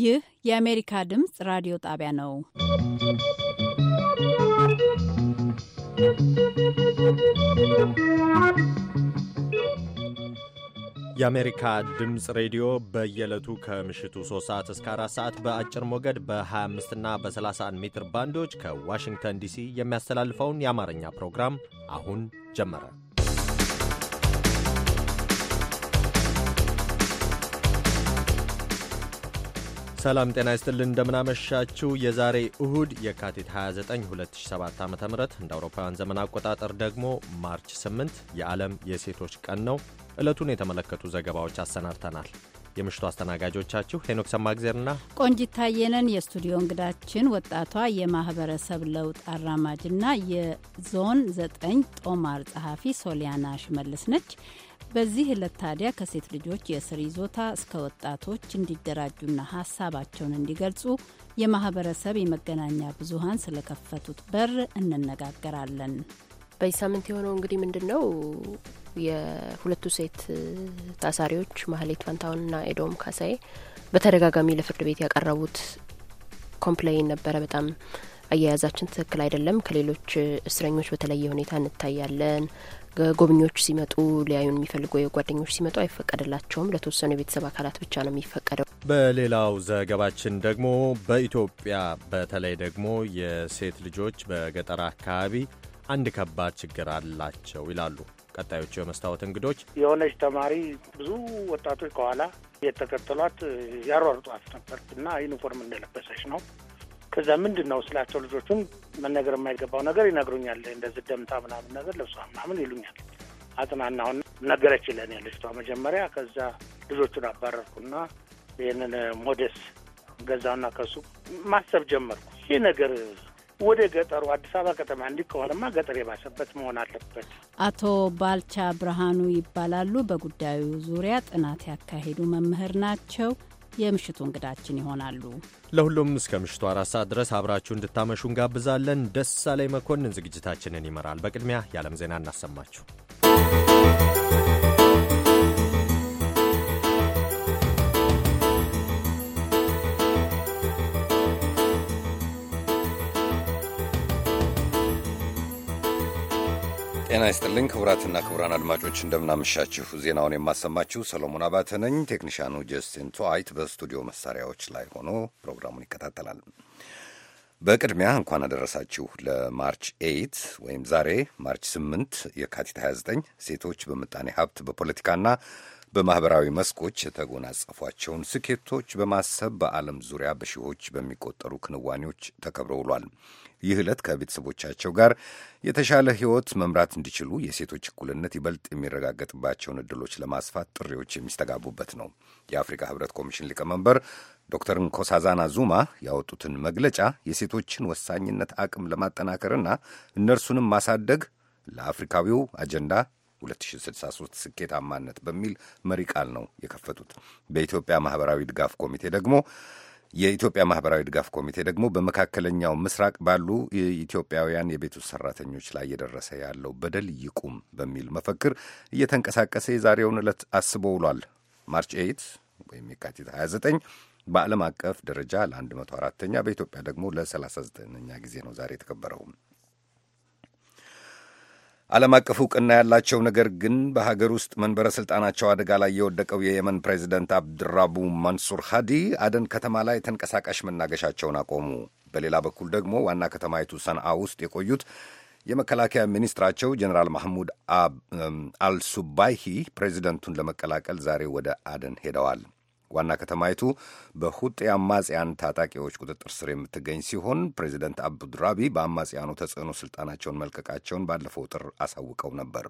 ይህ የአሜሪካ ድምፅ ራዲዮ ጣቢያ ነው። የአሜሪካ ድምፅ ሬዲዮ በየዕለቱ ከምሽቱ 3 ሰዓት እስከ 4 ሰዓት በአጭር ሞገድ በ25 እና በ31 ሜትር ባንዶች ከዋሽንግተን ዲሲ የሚያስተላልፈውን የአማርኛ ፕሮግራም አሁን ጀመረ። ሰላም ጤና ይስጥልን እንደምናመሻችው የዛሬ እሁድ የካቲት 29 2007 ዓ ም እንደ አውሮፓውያን ዘመን አቆጣጠር ደግሞ ማርች 8 የዓለም የሴቶች ቀን ነው። ዕለቱን የተመለከቱ ዘገባዎች አሰናድተናል። የምሽቱ አስተናጋጆቻችሁ ሄኖክ ሰማግዜርና ቆንጂት ታየነን። የስቱዲዮ እንግዳችን ወጣቷ የማህበረሰብ ለውጥ አራማጅና የዞን 9 ጦማር ጸሐፊ ሶሊያና ሽመልስ ነች። በዚህ ዕለት ታዲያ ከሴት ልጆች የእስር ይዞታ እስከ ወጣቶች እንዲደራጁና ሀሳባቸውን እንዲገልጹ የማህበረሰብ የመገናኛ ብዙሀን ስለከፈቱት በር እንነጋገራለን። በዚህ ሳምንት የሆነው እንግዲህ ምንድን ነው? የሁለቱ ሴት ታሳሪዎች ማህሌት ፋንታሁንና ኤዶም ካሳዬ በተደጋጋሚ ለፍርድ ቤት ያቀረቡት ኮምፕላይን ነበረ። በጣም አያያዛችን ትክክል አይደለም፣ ከሌሎች እስረኞች በተለየ ሁኔታ እንታያለን ጎብኚዎች ሲመጡ ሊያዩን የሚፈልጉ ጓደኞች ሲመጡ አይፈቀድላቸውም። ለተወሰኑ የቤተሰብ አካላት ብቻ ነው የሚፈቀደው። በሌላው ዘገባችን ደግሞ በኢትዮጵያ በተለይ ደግሞ የሴት ልጆች በገጠር አካባቢ አንድ ከባድ ችግር አላቸው ይላሉ ቀጣዮቹ የመስታወት እንግዶች። የሆነች ተማሪ ብዙ ወጣቶች ከኋላ የተከተሏት ያሯርጧት ነበር እና ዩኒፎርም እንደለበሰች ነው ከዛ ምንድን ነው ስላቸው ልጆቹም መነገር የማይገባው ነገር ይነግሩኛል። እንደዚህ ደምታ ምናምን ነገር ልብሷ ምናምን ይሉኛል። አጽናናሁን ነገረች ለን ልጅቷ መጀመሪያ። ከዛ ልጆቹን አባረርኩና ይህንን ሞዴስ ገዛውና ከሱ ማሰብ ጀመርኩ። ይህ ነገር ወደ ገጠሩ አዲስ አበባ ከተማ እንዲህ ከሆነማ ገጠር የባሰበት መሆን አለበት። አቶ ባልቻ ብርሃኑ ይባላሉ። በጉዳዩ ዙሪያ ጥናት ያካሄዱ መምህር ናቸው። የምሽቱ እንግዳችን ይሆናሉ። ለሁሉም እስከ ምሽቱ አራት ሰዓት ድረስ አብራችሁ እንድታመሹ እንጋብዛለን። ደሳለኝ መኮንን ዝግጅታችንን ይመራል። በቅድሚያ የዓለም ዜና እናሰማችሁ። ጤና ይስጥልኝ ክቡራትና ክቡራን አድማጮች እንደምናመሻችሁ። ዜናውን የማሰማችሁ ሰሎሞን አባተ ነኝ። ቴክኒሻኑ ጀስቲን ቶአይት በስቱዲዮ መሳሪያዎች ላይ ሆኖ ፕሮግራሙን ይከታተላል። በቅድሚያ እንኳን አደረሳችሁ ለማርች 8 ወይም ዛሬ ማርች 8 የካቲት 29 ሴቶች በምጣኔ ሀብት በፖለቲካና በማኅበራዊ መስኮች የተጎናጸፏቸውን ስኬቶች በማሰብ በዓለም ዙሪያ በሺዎች በሚቆጠሩ ክንዋኔዎች ተከብሮ ውሏል። ይህ ዕለት ከቤተሰቦቻቸው ጋር የተሻለ ሕይወት መምራት እንዲችሉ የሴቶች እኩልነት ይበልጥ የሚረጋገጥባቸውን እድሎች ለማስፋት ጥሪዎች የሚስተጋቡበት ነው። የአፍሪካ ሕብረት ኮሚሽን ሊቀመንበር ዶክተር ንኮሳዛና ዙማ ያወጡትን መግለጫ የሴቶችን ወሳኝነት አቅም ለማጠናከርና እነርሱንም ማሳደግ ለአፍሪካዊው አጀንዳ 2063 ስኬታማነት በሚል መሪ ቃል ነው የከፈቱት። በኢትዮጵያ ማኅበራዊ ድጋፍ ኮሚቴ ደግሞ የኢትዮጵያ ማህበራዊ ድጋፍ ኮሚቴ ደግሞ በመካከለኛው ምስራቅ ባሉ ኢትዮጵያውያን የቤት ውስጥ ሰራተኞች ላይ እየደረሰ ያለው በደል ይቁም በሚል መፈክር እየተንቀሳቀሰ የዛሬውን ዕለት አስቦ ውሏል። ማርች 8 ወይም የካቲት 29 በዓለም አቀፍ ደረጃ ለ104ኛ በኢትዮጵያ ደግሞ ለ39ኛ ጊዜ ነው ዛሬ የተከበረው። ዓለም አቀፍ እውቅና ያላቸው ነገር ግን በሀገር ውስጥ መንበረ ሥልጣናቸው አደጋ ላይ የወደቀው የየመን ፕሬዚደንት አብድራቡ ማንሱር ሃዲ አደን ከተማ ላይ ተንቀሳቃሽ መናገሻቸውን አቆሙ። በሌላ በኩል ደግሞ ዋና ከተማይቱ ሰንዓ ውስጥ የቆዩት የመከላከያ ሚኒስትራቸው ጀኔራል ማህሙድ አልሱባይሂ ፕሬዚደንቱን ለመቀላቀል ዛሬ ወደ አደን ሄደዋል። ዋና ከተማይቱ በሁጤ አማጽያን ታጣቂዎች ቁጥጥር ስር የምትገኝ ሲሆን ፕሬዚደንት አብዱራቢ በአማጽያኑ ተጽዕኖ ስልጣናቸውን መልቀቃቸውን ባለፈው ጥር አሳውቀው ነበር።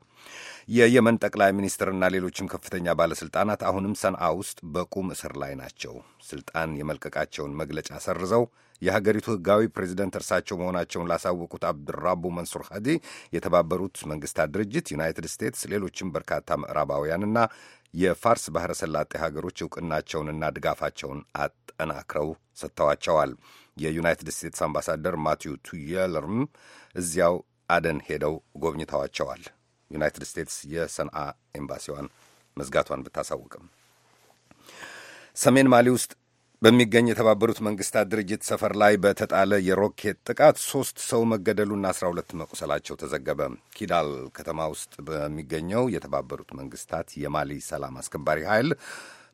የየመን ጠቅላይ ሚኒስትርና ሌሎችም ከፍተኛ ባለስልጣናት አሁንም ሰንዓ ውስጥ በቁም እስር ላይ ናቸው። ስልጣን የመልቀቃቸውን መግለጫ ሰርዘው የሀገሪቱ ህጋዊ ፕሬዚደንት እርሳቸው መሆናቸውን ላሳወቁት አብድራቡ መንሱር ሀዲ የተባበሩት መንግስታት ድርጅት፣ ዩናይትድ ስቴትስ፣ ሌሎችም በርካታ ምዕራባውያንና የፋርስ ባህረ ሰላጤ ሀገሮች እውቅናቸውንና ድጋፋቸውን አጠናክረው ሰጥተዋቸዋል። የዩናይትድ ስቴትስ አምባሳደር ማቲው ቱየለርም እዚያው አደን ሄደው ጎብኝተዋቸዋል። ዩናይትድ ስቴትስ የሰንዓ ኤምባሲዋን መዝጋቷን ብታሳውቅም ሰሜን ማሊ ውስጥ በሚገኝ የተባበሩት መንግስታት ድርጅት ሰፈር ላይ በተጣለ የሮኬት ጥቃት ሶስት ሰው መገደሉና አስራ ሁለት መቁሰላቸው ተዘገበ። ኪዳል ከተማ ውስጥ በሚገኘው የተባበሩት መንግስታት የማሊ ሰላም አስከባሪ ኃይል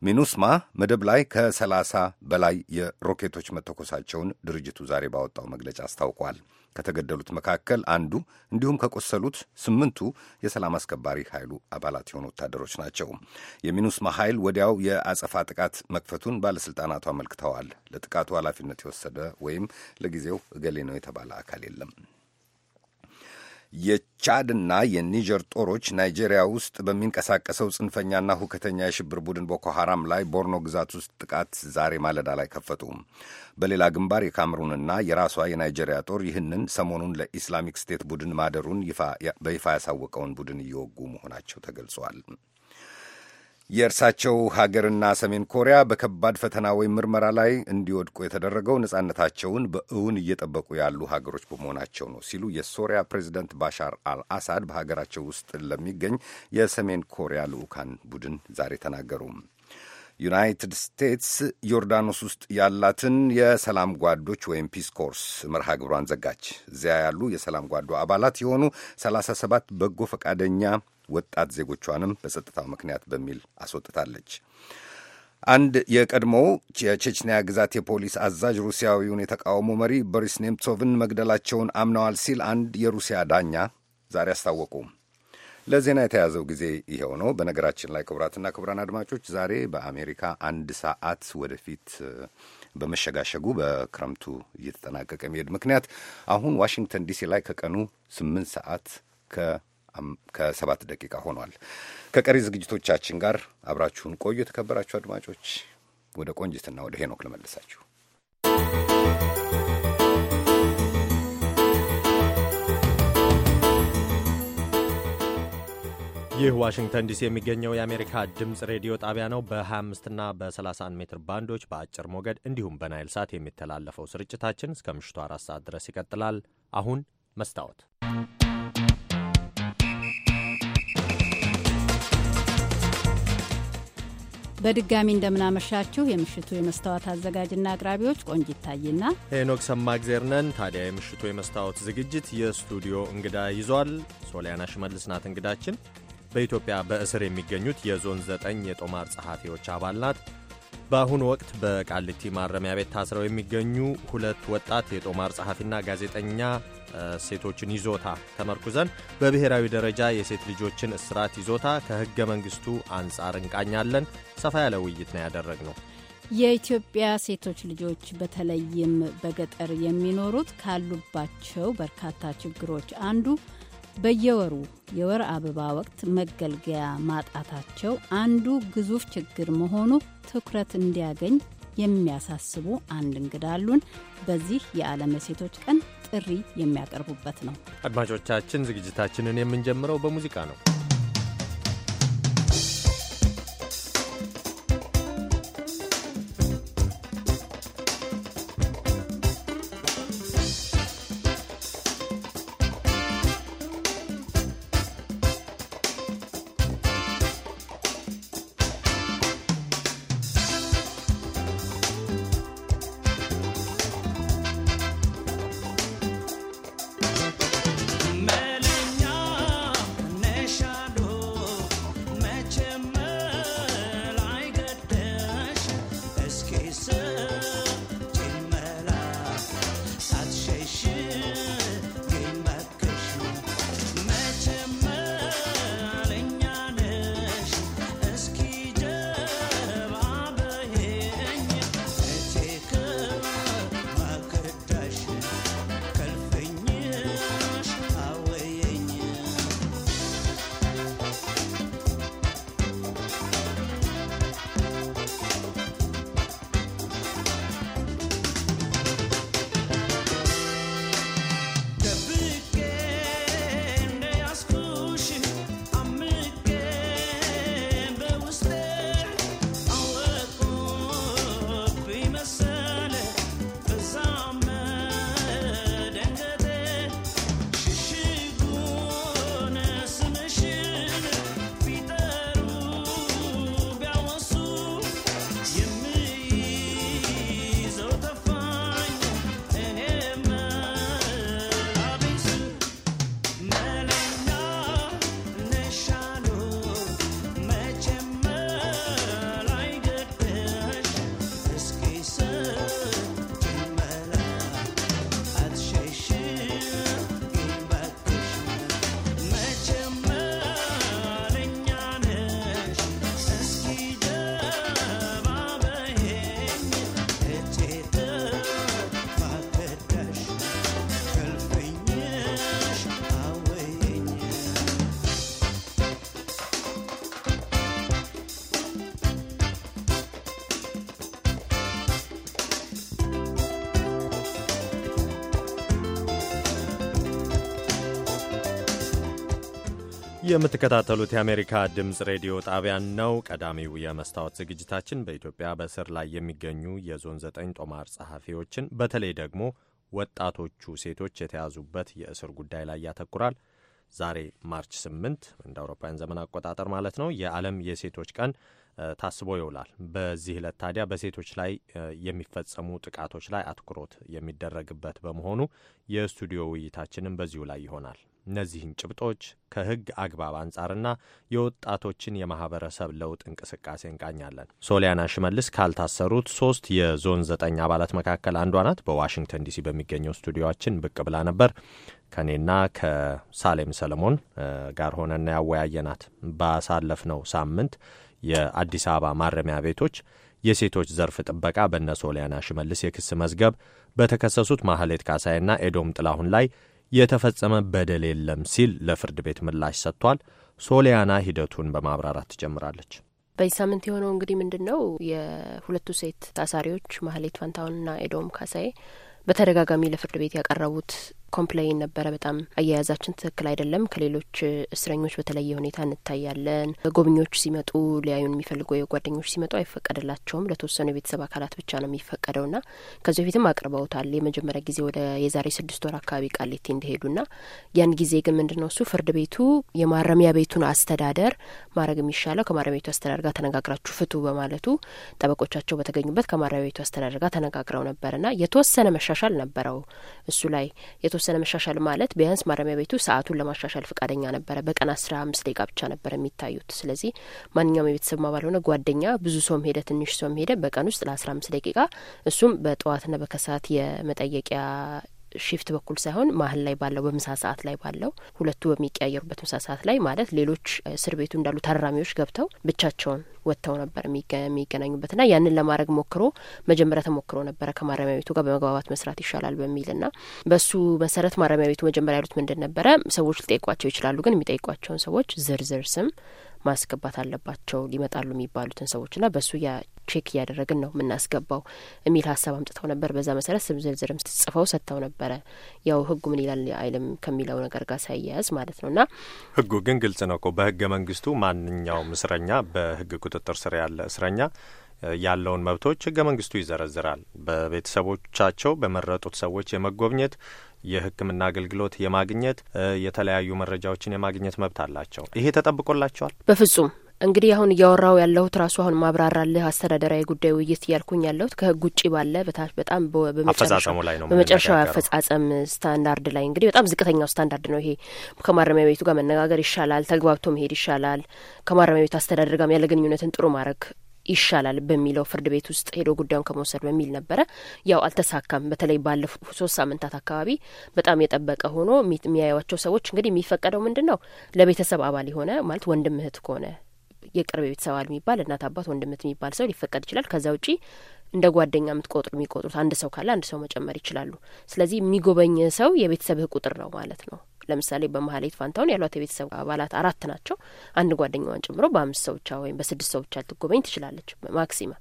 ሚኑስማ መደብ ላይ ከሰላሳ በላይ የሮኬቶች መተኮሳቸውን ድርጅቱ ዛሬ ባወጣው መግለጫ አስታውቋል። ከተገደሉት መካከል አንዱ እንዲሁም ከቆሰሉት ስምንቱ የሰላም አስከባሪ ኃይሉ አባላት የሆኑ ወታደሮች ናቸው። የሚኑስማ ኃይል ወዲያው የአጸፋ ጥቃት መክፈቱን ባለሥልጣናቱ አመልክተዋል። ለጥቃቱ ኃላፊነት የወሰደ ወይም ለጊዜው እገሌ ነው የተባለ አካል የለም። የቻድና የኒጀር ጦሮች ናይጄሪያ ውስጥ በሚንቀሳቀሰው ጽንፈኛና ሁከተኛ የሽብር ቡድን ቦኮ ሐራም ላይ ቦርኖ ግዛት ውስጥ ጥቃት ዛሬ ማለዳ ላይ ከፈቱ። በሌላ ግንባር የካምሩንና የራሷ የናይጄሪያ ጦር ይህንን ሰሞኑን ለኢስላሚክ ስቴት ቡድን ማደሩን በይፋ ያሳወቀውን ቡድን እየወጉ መሆናቸው ተገልጿል። የእርሳቸው ሀገርና ሰሜን ኮሪያ በከባድ ፈተና ወይም ምርመራ ላይ እንዲወድቁ የተደረገው ነጻነታቸውን በእውን እየጠበቁ ያሉ ሀገሮች በመሆናቸው ነው ሲሉ የሶሪያ ፕሬዚደንት ባሻር አልአሳድ በሀገራቸው ውስጥ ለሚገኝ የሰሜን ኮሪያ ልዑካን ቡድን ዛሬ ተናገሩ። ዩናይትድ ስቴትስ ዮርዳኖስ ውስጥ ያላትን የሰላም ጓዶች ወይም ፒስ ኮርስ መርሃ ግብሯን ዘጋች። እዚያ ያሉ የሰላም ጓዶ አባላት የሆኑ 37 በጎ ፈቃደኛ ወጣት ዜጎቿንም በጸጥታ ምክንያት በሚል አስወጥታለች። አንድ የቀድሞው የቼችኒያ ግዛት የፖሊስ አዛዥ ሩሲያዊውን የተቃውሞ መሪ ቦሪስ ኔምቶቭን መግደላቸውን አምነዋል ሲል አንድ የሩሲያ ዳኛ ዛሬ አስታወቁ። ለዜና የተያዘው ጊዜ ይኸው ነው። በነገራችን ላይ ክቡራትና ክቡራን አድማጮች ዛሬ በአሜሪካ አንድ ሰዓት ወደፊት በመሸጋሸጉ በክረምቱ እየተጠናቀቀ መሄድ ምክንያት አሁን ዋሽንግተን ዲሲ ላይ ከቀኑ ስምንት ሰዓት ከ ከሰባት ደቂቃ ሆኗል። ከቀሪ ዝግጅቶቻችን ጋር አብራችሁን ቆዩ። የተከበራችሁ አድማጮች፣ ወደ ቆንጅትና ወደ ሄኖክ ልመልሳችሁ። ይህ ዋሽንግተን ዲሲ የሚገኘው የአሜሪካ ድምፅ ሬዲዮ ጣቢያ ነው። 25 እና በ31 ሜትር ባንዶች በአጭር ሞገድ እንዲሁም በናይል ሳት የሚተላለፈው ስርጭታችን እስከ ምሽቱ አራት ሰዓት ድረስ ይቀጥላል። አሁን መስታወት በድጋሚ እንደምናመሻችሁ የምሽቱ የመስታወት አዘጋጅና አቅራቢዎች ቆንጂት ታይና ሄኖክ ሰማእግዜር ነን። ታዲያ የምሽቱ የመስታወት ዝግጅት የስቱዲዮ እንግዳ ይዟል። ሶሊያና ሽመልስ ናት እንግዳችን። በኢትዮጵያ በእስር የሚገኙት የዞን ዘጠኝ የጦማር ጸሐፊዎች አባል ናት። በአሁኑ ወቅት በቃሊቲ ማረሚያ ቤት ታስረው የሚገኙ ሁለት ወጣት የጦማር ጸሐፊና ጋዜጠኛ ሴቶችን ይዞታ ተመርኩዘን በብሔራዊ ደረጃ የሴት ልጆችን እስራት ይዞታ ከሕገ መንግስቱ አንጻር እንቃኛለን። ሰፋ ያለ ውይይት ነው ያደረግነው። የኢትዮጵያ ሴቶች ልጆች በተለይም በገጠር የሚኖሩት ካሉባቸው በርካታ ችግሮች አንዱ በየወሩ የወር አበባ ወቅት መገልገያ ማጣታቸው አንዱ ግዙፍ ችግር መሆኑ ትኩረት እንዲያገኝ የሚያሳስቡ አንድ እንግዳ አሉን። በዚህ የዓለም ሴቶች ቀን ጥሪ የሚያቀርቡበት ነው። አድማጮቻችን፣ ዝግጅታችንን የምንጀምረው በሙዚቃ ነው። የምትከታተሉት የአሜሪካ ድምፅ ሬዲዮ ጣቢያን ነው። ቀዳሚው የመስታወት ዝግጅታችን በኢትዮጵያ በእስር ላይ የሚገኙ የዞን ዘጠኝ ጦማር ጸሐፊዎችን በተለይ ደግሞ ወጣቶቹ ሴቶች የተያዙበት የእስር ጉዳይ ላይ ያተኩራል። ዛሬ ማርች 8 እንደ አውሮፓውያን ዘመን አቆጣጠር ማለት ነው የዓለም የሴቶች ቀን ታስቦ ይውላል። በዚህ ዕለት ታዲያ በሴቶች ላይ የሚፈጸሙ ጥቃቶች ላይ አትኩሮት የሚደረግበት በመሆኑ የስቱዲዮ ውይይታችንም በዚሁ ላይ ይሆናል። እነዚህን ጭብጦች ከሕግ አግባብ አንጻርና የወጣቶችን የማህበረሰብ ለውጥ እንቅስቃሴ እንቃኛለን። ሶሊያና ሽመልስ ካልታሰሩት ሶስት የዞን ዘጠኝ አባላት መካከል አንዷ ናት። በዋሽንግተን ዲሲ በሚገኘው ስቱዲዮችን ብቅ ብላ ነበር። ከኔና ከሳሌም ሰለሞን ጋር ሆነና ያወያየናት ባሳለፍነው ሳምንት የአዲስ አበባ ማረሚያ ቤቶች የሴቶች ዘርፍ ጥበቃ በነ ሶሊያና ሽመልስ የክስ መዝገብ በተከሰሱት ማህሌት ካሳይና ኤዶም ጥላሁን ላይ የተፈጸመ በደል የለም ሲል ለፍርድ ቤት ምላሽ ሰጥቷል። ሶሊያና ሂደቱን በማብራራት ትጀምራለች። በዚህ ሳምንት የሆነው እንግዲህ ምንድን ነው የሁለቱ ሴት ታሳሪዎች ማህሌት ፋንታሁንና ኤዶም ካሳዬ በተደጋጋሚ ለፍርድ ቤት ያቀረቡት ኮምፕላይን ነበረ። በጣም አያያዛችን ትክክል አይደለም፣ ከሌሎች እስረኞች በተለየ ሁኔታ እንታያለን። ጎብኚዎች ሲመጡ ሊያዩን የሚፈልጉ የጓደኞች ሲመጡ አይፈቀድላቸውም። ለተወሰኑ የቤተሰብ አካላት ብቻ ነው የሚፈቀደው ና ከዚህ በፊትም አቅርበውታል። የመጀመሪያ ጊዜ ወደ የዛሬ ስድስት ወር አካባቢ ቃሊቲ እንዲሄዱ ና ያን ጊዜ ግን ምንድን ነው እሱ ፍርድ ቤቱ የማረሚያ ቤቱን አስተዳደር ማድረግ የሚሻለው ከማረሚያ ቤቱ አስተዳደር ጋር ተነጋግራችሁ ፍቱ በማለቱ ጠበቆቻቸው በተገኙበት ከማረሚያ ቤቱ አስተዳደር ጋር ተነጋግረው ነበር ና የተወሰነ መሻሻል ነበረው እሱ ላይ የተወሰነ መሻሻል ማለት ቢያንስ ማረሚያ ቤቱ ሰዓቱን ለማሻሻል ፈቃደኛ ነበረ። በቀን አስራ አምስት ደቂቃ ብቻ ነበረ የሚታዩት። ስለዚህ ማንኛውም የቤተሰብ አባል ሆነ ጓደኛ፣ ብዙ ሰውም ሄደ፣ ትንሽ ሰውም ሄደ፣ በቀን ውስጥ ለአስራ አምስት ደቂቃ እሱም በጠዋትና በከሰዓት የመጠየቂያ ሺፍት በኩል ሳይሆን መሀል ላይ ባለው በምሳ ሰዓት ላይ ባለው ሁለቱ በሚቀያየሩበት ምሳ ሰዓት ላይ ማለት ሌሎች እስር ቤቱ እንዳሉ ታራሚዎች ገብተው ብቻቸውን ወጥተው ነበር የሚገናኙበት ና ያንን ለማድረግ ሞክሮ መጀመሪያ ተሞክሮ ነበረ ከማረሚያ ቤቱ ጋር በመግባባት መስራት ይሻላል ና በሱ መሰረት ማረሚያ ቤቱ መጀመሪያ ያሉት ምንድን ነበረ ሰዎች ሊጠይቋቸው ይችላሉ፣ ግን የሚጠይቋቸውን ሰዎች ዝርዝር ስም ማስገባት አለባቸው ሊመጣሉ የሚባሉትን ና በእሱ ያ ቼክ እያደረግን ነው የምናስገባው የሚል ሀሳብ አምጥተው ነበር። በዛ መሰረት ስም ዝርዝርም ጽፈው ሰጥተው ነበረ። ያው ህጉ ምን ይላል አይልም ከሚለው ነገር ጋር ሳያያዝ ማለት ነው። እና ህጉ ግን ግልጽ ነው እኮ በህገ መንግስቱ ማንኛውም እስረኛ በህግ ቁጥጥር ስር ያለ እስረኛ ያለውን መብቶች ህገ መንግስቱ ይዘረዝራል። በቤተሰቦቻቸው በመረጡት ሰዎች የመጎብኘት የሕክምና አገልግሎት የማግኘት የተለያዩ መረጃዎችን የማግኘት መብት አላቸው። ይሄ ተጠብቆላቸዋል? በፍጹም እንግዲህ አሁን እያወራው ያለሁት ራሱ አሁን ማብራራልህ አስተዳደራዊ ጉዳይ ውይይት እያልኩኝ ያለሁት ከህግ ውጭ ባለ በታች በጣም በመጨረሻው አፈጻጸም ስታንዳርድ ላይ እንግዲህ በጣም ዝቅተኛው ስታንዳርድ ነው ይሄ። ከማረሚያ ቤቱ ጋር መነጋገር ይሻላል፣ ተግባብቶ መሄድ ይሻላል፣ ከማረሚያ ቤቱ አስተዳደር ጋር ያለ ግንኙነትን ጥሩ ማድረግ ይሻላል በሚለው ፍርድ ቤት ውስጥ ሄዶ ጉዳዩን ከመውሰድ በሚል ነበረ። ያው አልተሳካም። በተለይ ባለፉት ሶስት ሳምንታት አካባቢ በጣም የጠበቀ ሆኖ የሚያዩቸው ሰዎች እንግዲህ የሚፈቀደው ምንድን ነው ለቤተሰብ አባል የሆነ ማለት ወንድም እህት ከሆነ የቅርብ ቤተሰብ አባል የሚባል እናት፣ አባት፣ ወንድም እህት የሚባል ሰው ሊፈቀድ ይችላል። ከዛ ውጪ እንደ ጓደኛ የምትቆጥሩ የሚቆጥሩት አንድ ሰው ካለ አንድ ሰው መጨመር ይችላሉ። ስለዚህ የሚጎበኝ ሰው የቤተሰብህ ቁጥር ነው ማለት ነው። ለምሳሌ በመሀሌት ፋንታሁን ያሏት የቤተሰብ አባላት አራት ናቸው። አንድ ጓደኛዋን ጨምሮ በአምስት ሰው ብቻ ወይም በስድስት ሰው ብቻ ልትጎበኝ ትችላለች ማክሲመም።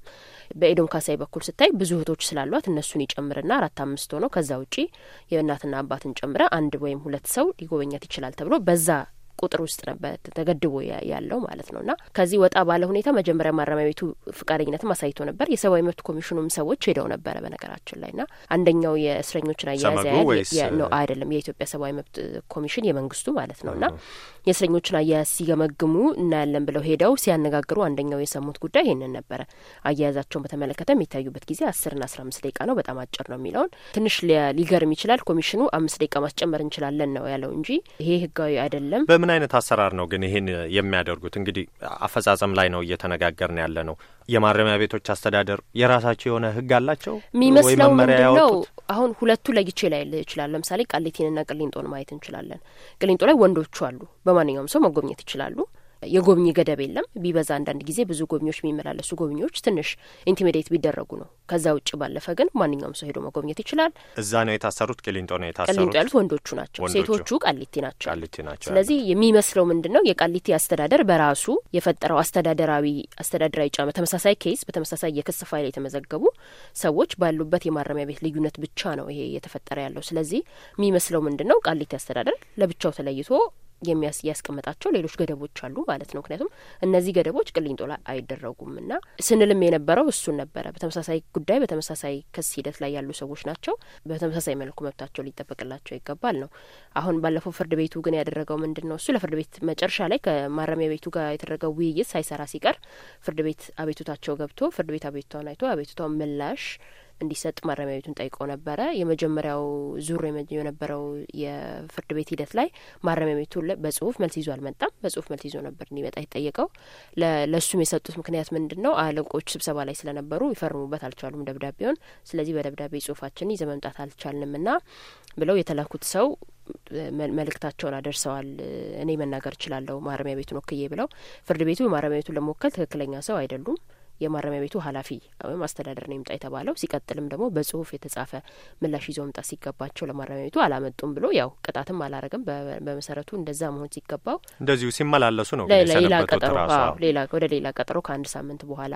በኤዶም ካሳይ በኩል ስታይ ብዙ እህቶች ስላሏት እነሱን ይጨምርና አራት አምስት ሆነው ከዛ ውጪ የእናትና አባትን ጨምረ አንድ ወይም ሁለት ሰው ሊጎበኛት ይችላል ተብሎ በዛ ቁጥር ውስጥ ነበር ተገድቦ ያለው ማለት ነው። እና ከዚህ ወጣ ባለ ሁኔታ መጀመሪያ ማረሚያ ቤቱ ፍቃደኝነትም አሳይቶ ነበር። የሰብአዊ መብት ኮሚሽኑም ሰዎች ሄደው ነበረ በነገራችን ላይ እና አንደኛው የእስረኞችን አያያዝ ነው አይደለም የኢትዮጵያ ሰብአዊ መብት ኮሚሽን የመንግስቱ ማለት ነው እና የእስረኞችን አያያዝ ሲገመግሙ እናያለን ብለው ሄደው ሲያነጋግሩ አንደኛው የሰሙት ጉዳይ ይህንን ነበረ። አያያዛቸውን በተመለከተ የሚታዩበት ጊዜ አስርና አስራ አምስት ደቂቃ ነው በጣም አጭር ነው የሚለውን ትንሽ ሊገርም ይችላል። ኮሚሽኑ አምስት ደቂቃ ማስጨመር እንችላለን ነው ያለው እንጂ ይሄ ህጋዊ አይደለም በምን አይነት አሰራር ነው ግን ይህን የሚያደርጉት? እንግዲህ አፈጻጸም ላይ ነው እየተነጋገርን ያለ ነው። የማረሚያ ቤቶች አስተዳደር የራሳቸው የሆነ ህግ አላቸው የሚመስለው ምንድን ነው? አሁን ሁለቱ ለይቼ ላይ ይችላል። ለምሳሌ ቃሊቲንና ቅሊንጦን ማየት እንችላለን። ቅሊንጦ ላይ ወንዶቹ አሉ፣ በማንኛውም ሰው መጎብኘት ይችላሉ። የጎብኚ ገደብ የለም። ቢበዛ አንዳንድ ጊዜ ብዙ ጎብኚዎች የሚመላለሱ ጎብኚዎች ትንሽ ኢንቲሚዴት ቢደረጉ ነው። ከዛ ውጭ ባለፈ ግን ማንኛውም ሰው ሄዶ መጎብኘት ይችላል። እዛ ነው የታሰሩት። ቅሊንጦ ነው የታሰሩት። ቅሊንጦ ያሉት ወንዶቹ ናቸው፣ ሴቶቹ ቃሊቲ ናቸው። ስለዚህ የሚመስለው ምንድን ነው የቃሊቲ አስተዳደር በራሱ የፈጠረው አስተዳደራዊ አስተዳደራዊ ጫማ። ተመሳሳይ ኬስ በተመሳሳይ የክስ ፋይል የተመዘገቡ ሰዎች ባሉበት የማረሚያ ቤት ልዩነት ብቻ ነው ይሄ እየተፈጠረ ያለው። ስለዚህ የሚመስለው ምንድን ነው ቃሊቲ አስተዳደር ለብቻው ተለይቶ የሚያስ ያስቀመጣቸው ሌሎች ገደቦች አሉ ማለት ነው። ምክንያቱም እነዚህ ገደቦች ቅሊንጦ ላይ አይደረጉም እና ስንልም የነበረው እሱን ነበረ። በተመሳሳይ ጉዳይ በተመሳሳይ ክስ ሂደት ላይ ያሉ ሰዎች ናቸው። በተመሳሳይ መልኩ መብታቸው ሊጠበቅላቸው ይገባል ነው። አሁን ባለፈው ፍርድ ቤቱ ግን ያደረገው ምንድን ነው? እሱ ለፍርድ ቤት መጨረሻ ላይ ከማረሚያ ቤቱ ጋር የተደረገው ውይይት ሳይሰራ ሲቀር ፍርድ ቤት አቤቱታቸው ገብቶ ፍርድ ቤት አቤቱታውን አይቶ አቤቱታውን ምላሽ እንዲሰጥ ማረሚያ ቤቱን ጠይቆ ነበረ። የመጀመሪያው ዙር የነበረው የፍርድ ቤት ሂደት ላይ ማረሚያ ቤቱ በጽሁፍ መልስ ይዞ አልመጣም። በጽሁፍ መልስ ይዞ ነበር እንዲመጣ የጠየቀው። ለእሱም የሰጡት ምክንያት ምንድን ነው? አለቆች ስብሰባ ላይ ስለነበሩ ይፈርሙበት አልቻሉም ደብዳቤውን። ስለዚህ በደብዳቤ ጽሁፋችን ይዘ መምጣት አልቻልንም ና ብለው የተላኩት ሰው መልእክታቸውን አደርሰዋል። እኔ መናገር እችላለሁ ማረሚያ ቤቱን ወክዬ ብለው ፍርድ ቤቱ ማረሚያ ቤቱን ለመወከል ትክክለኛ ሰው አይደሉም። የማረሚያ ቤቱ ኃላፊ ወይም አስተዳደር ነው ይምጣ የተባለው። ሲቀጥልም ደግሞ በጽሁፍ የተጻፈ ምላሽ ይዞ መምጣት ሲገባቸው ለማረሚያ ቤቱ አላመጡም ብሎ ያው ቅጣትም አላረገም። በመሰረቱ እንደዛ መሆን ሲገባው እንደዚሁ ሲመላለሱ ነው ሌላ ቀጠሮ ሌላ ወደ ሌላ ቀጠሮ ከአንድ ሳምንት በኋላ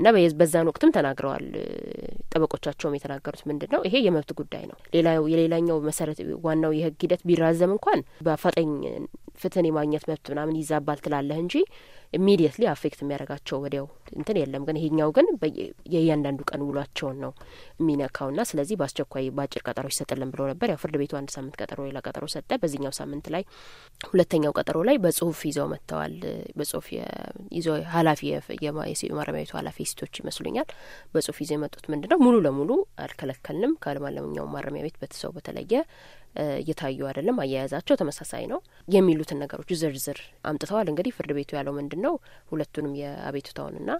እና በዛን ወቅትም ተናግረዋል። ጠበቆቻቸውም የተናገሩት ምንድን ነው ይሄ የመብት ጉዳይ ነው። ሌላው የሌላኛው መሰረት ዋናው የህግ ሂደት ቢራዘም እንኳን በአፋጣኝ ፍትህን የማግኘት መብት ምናምን ይዛባል ትላለህ እንጂ ኢሚዲየትሊ አፌክት የሚያደርጋቸው ወዲያው እንትን የለም። ግን ይሄኛው ግን የእያንዳንዱ ቀን ውሏቸውን ነው የሚነካው ና ስለዚህ በአስቸኳይ በአጭር ቀጠሮ ይሰጥልን ብሎ ነበር። ያው ፍርድ ቤቱ አንድ ሳምንት ቀጠሮ ሌላ ቀጠሮ ሰጠ። በዚህኛው ሳምንት ላይ ሁለተኛው ቀጠሮ ላይ በጽሁፍ ይዘው መጥተዋል። በጽሁፍ ይዘው ኃላፊ የማረሚያ ቤቱ ኃላፊ ሴቶች ይመስሉኛል በጽሁፍ ይዘው የመጡት ምንድን ነው ሙሉ ለሙሉ አልከለከልንም ከለማለምኛው ማረሚያ ቤት በተሰው በተለየ እየታዩ አይደለም፣ አያያዛቸው ተመሳሳይ ነው የሚሉትን ነገሮች ዝርዝር አምጥተዋል። እንግዲህ ፍርድ ቤቱ ያለው ምንድን ነው? ሁለቱንም የአቤቱታውንና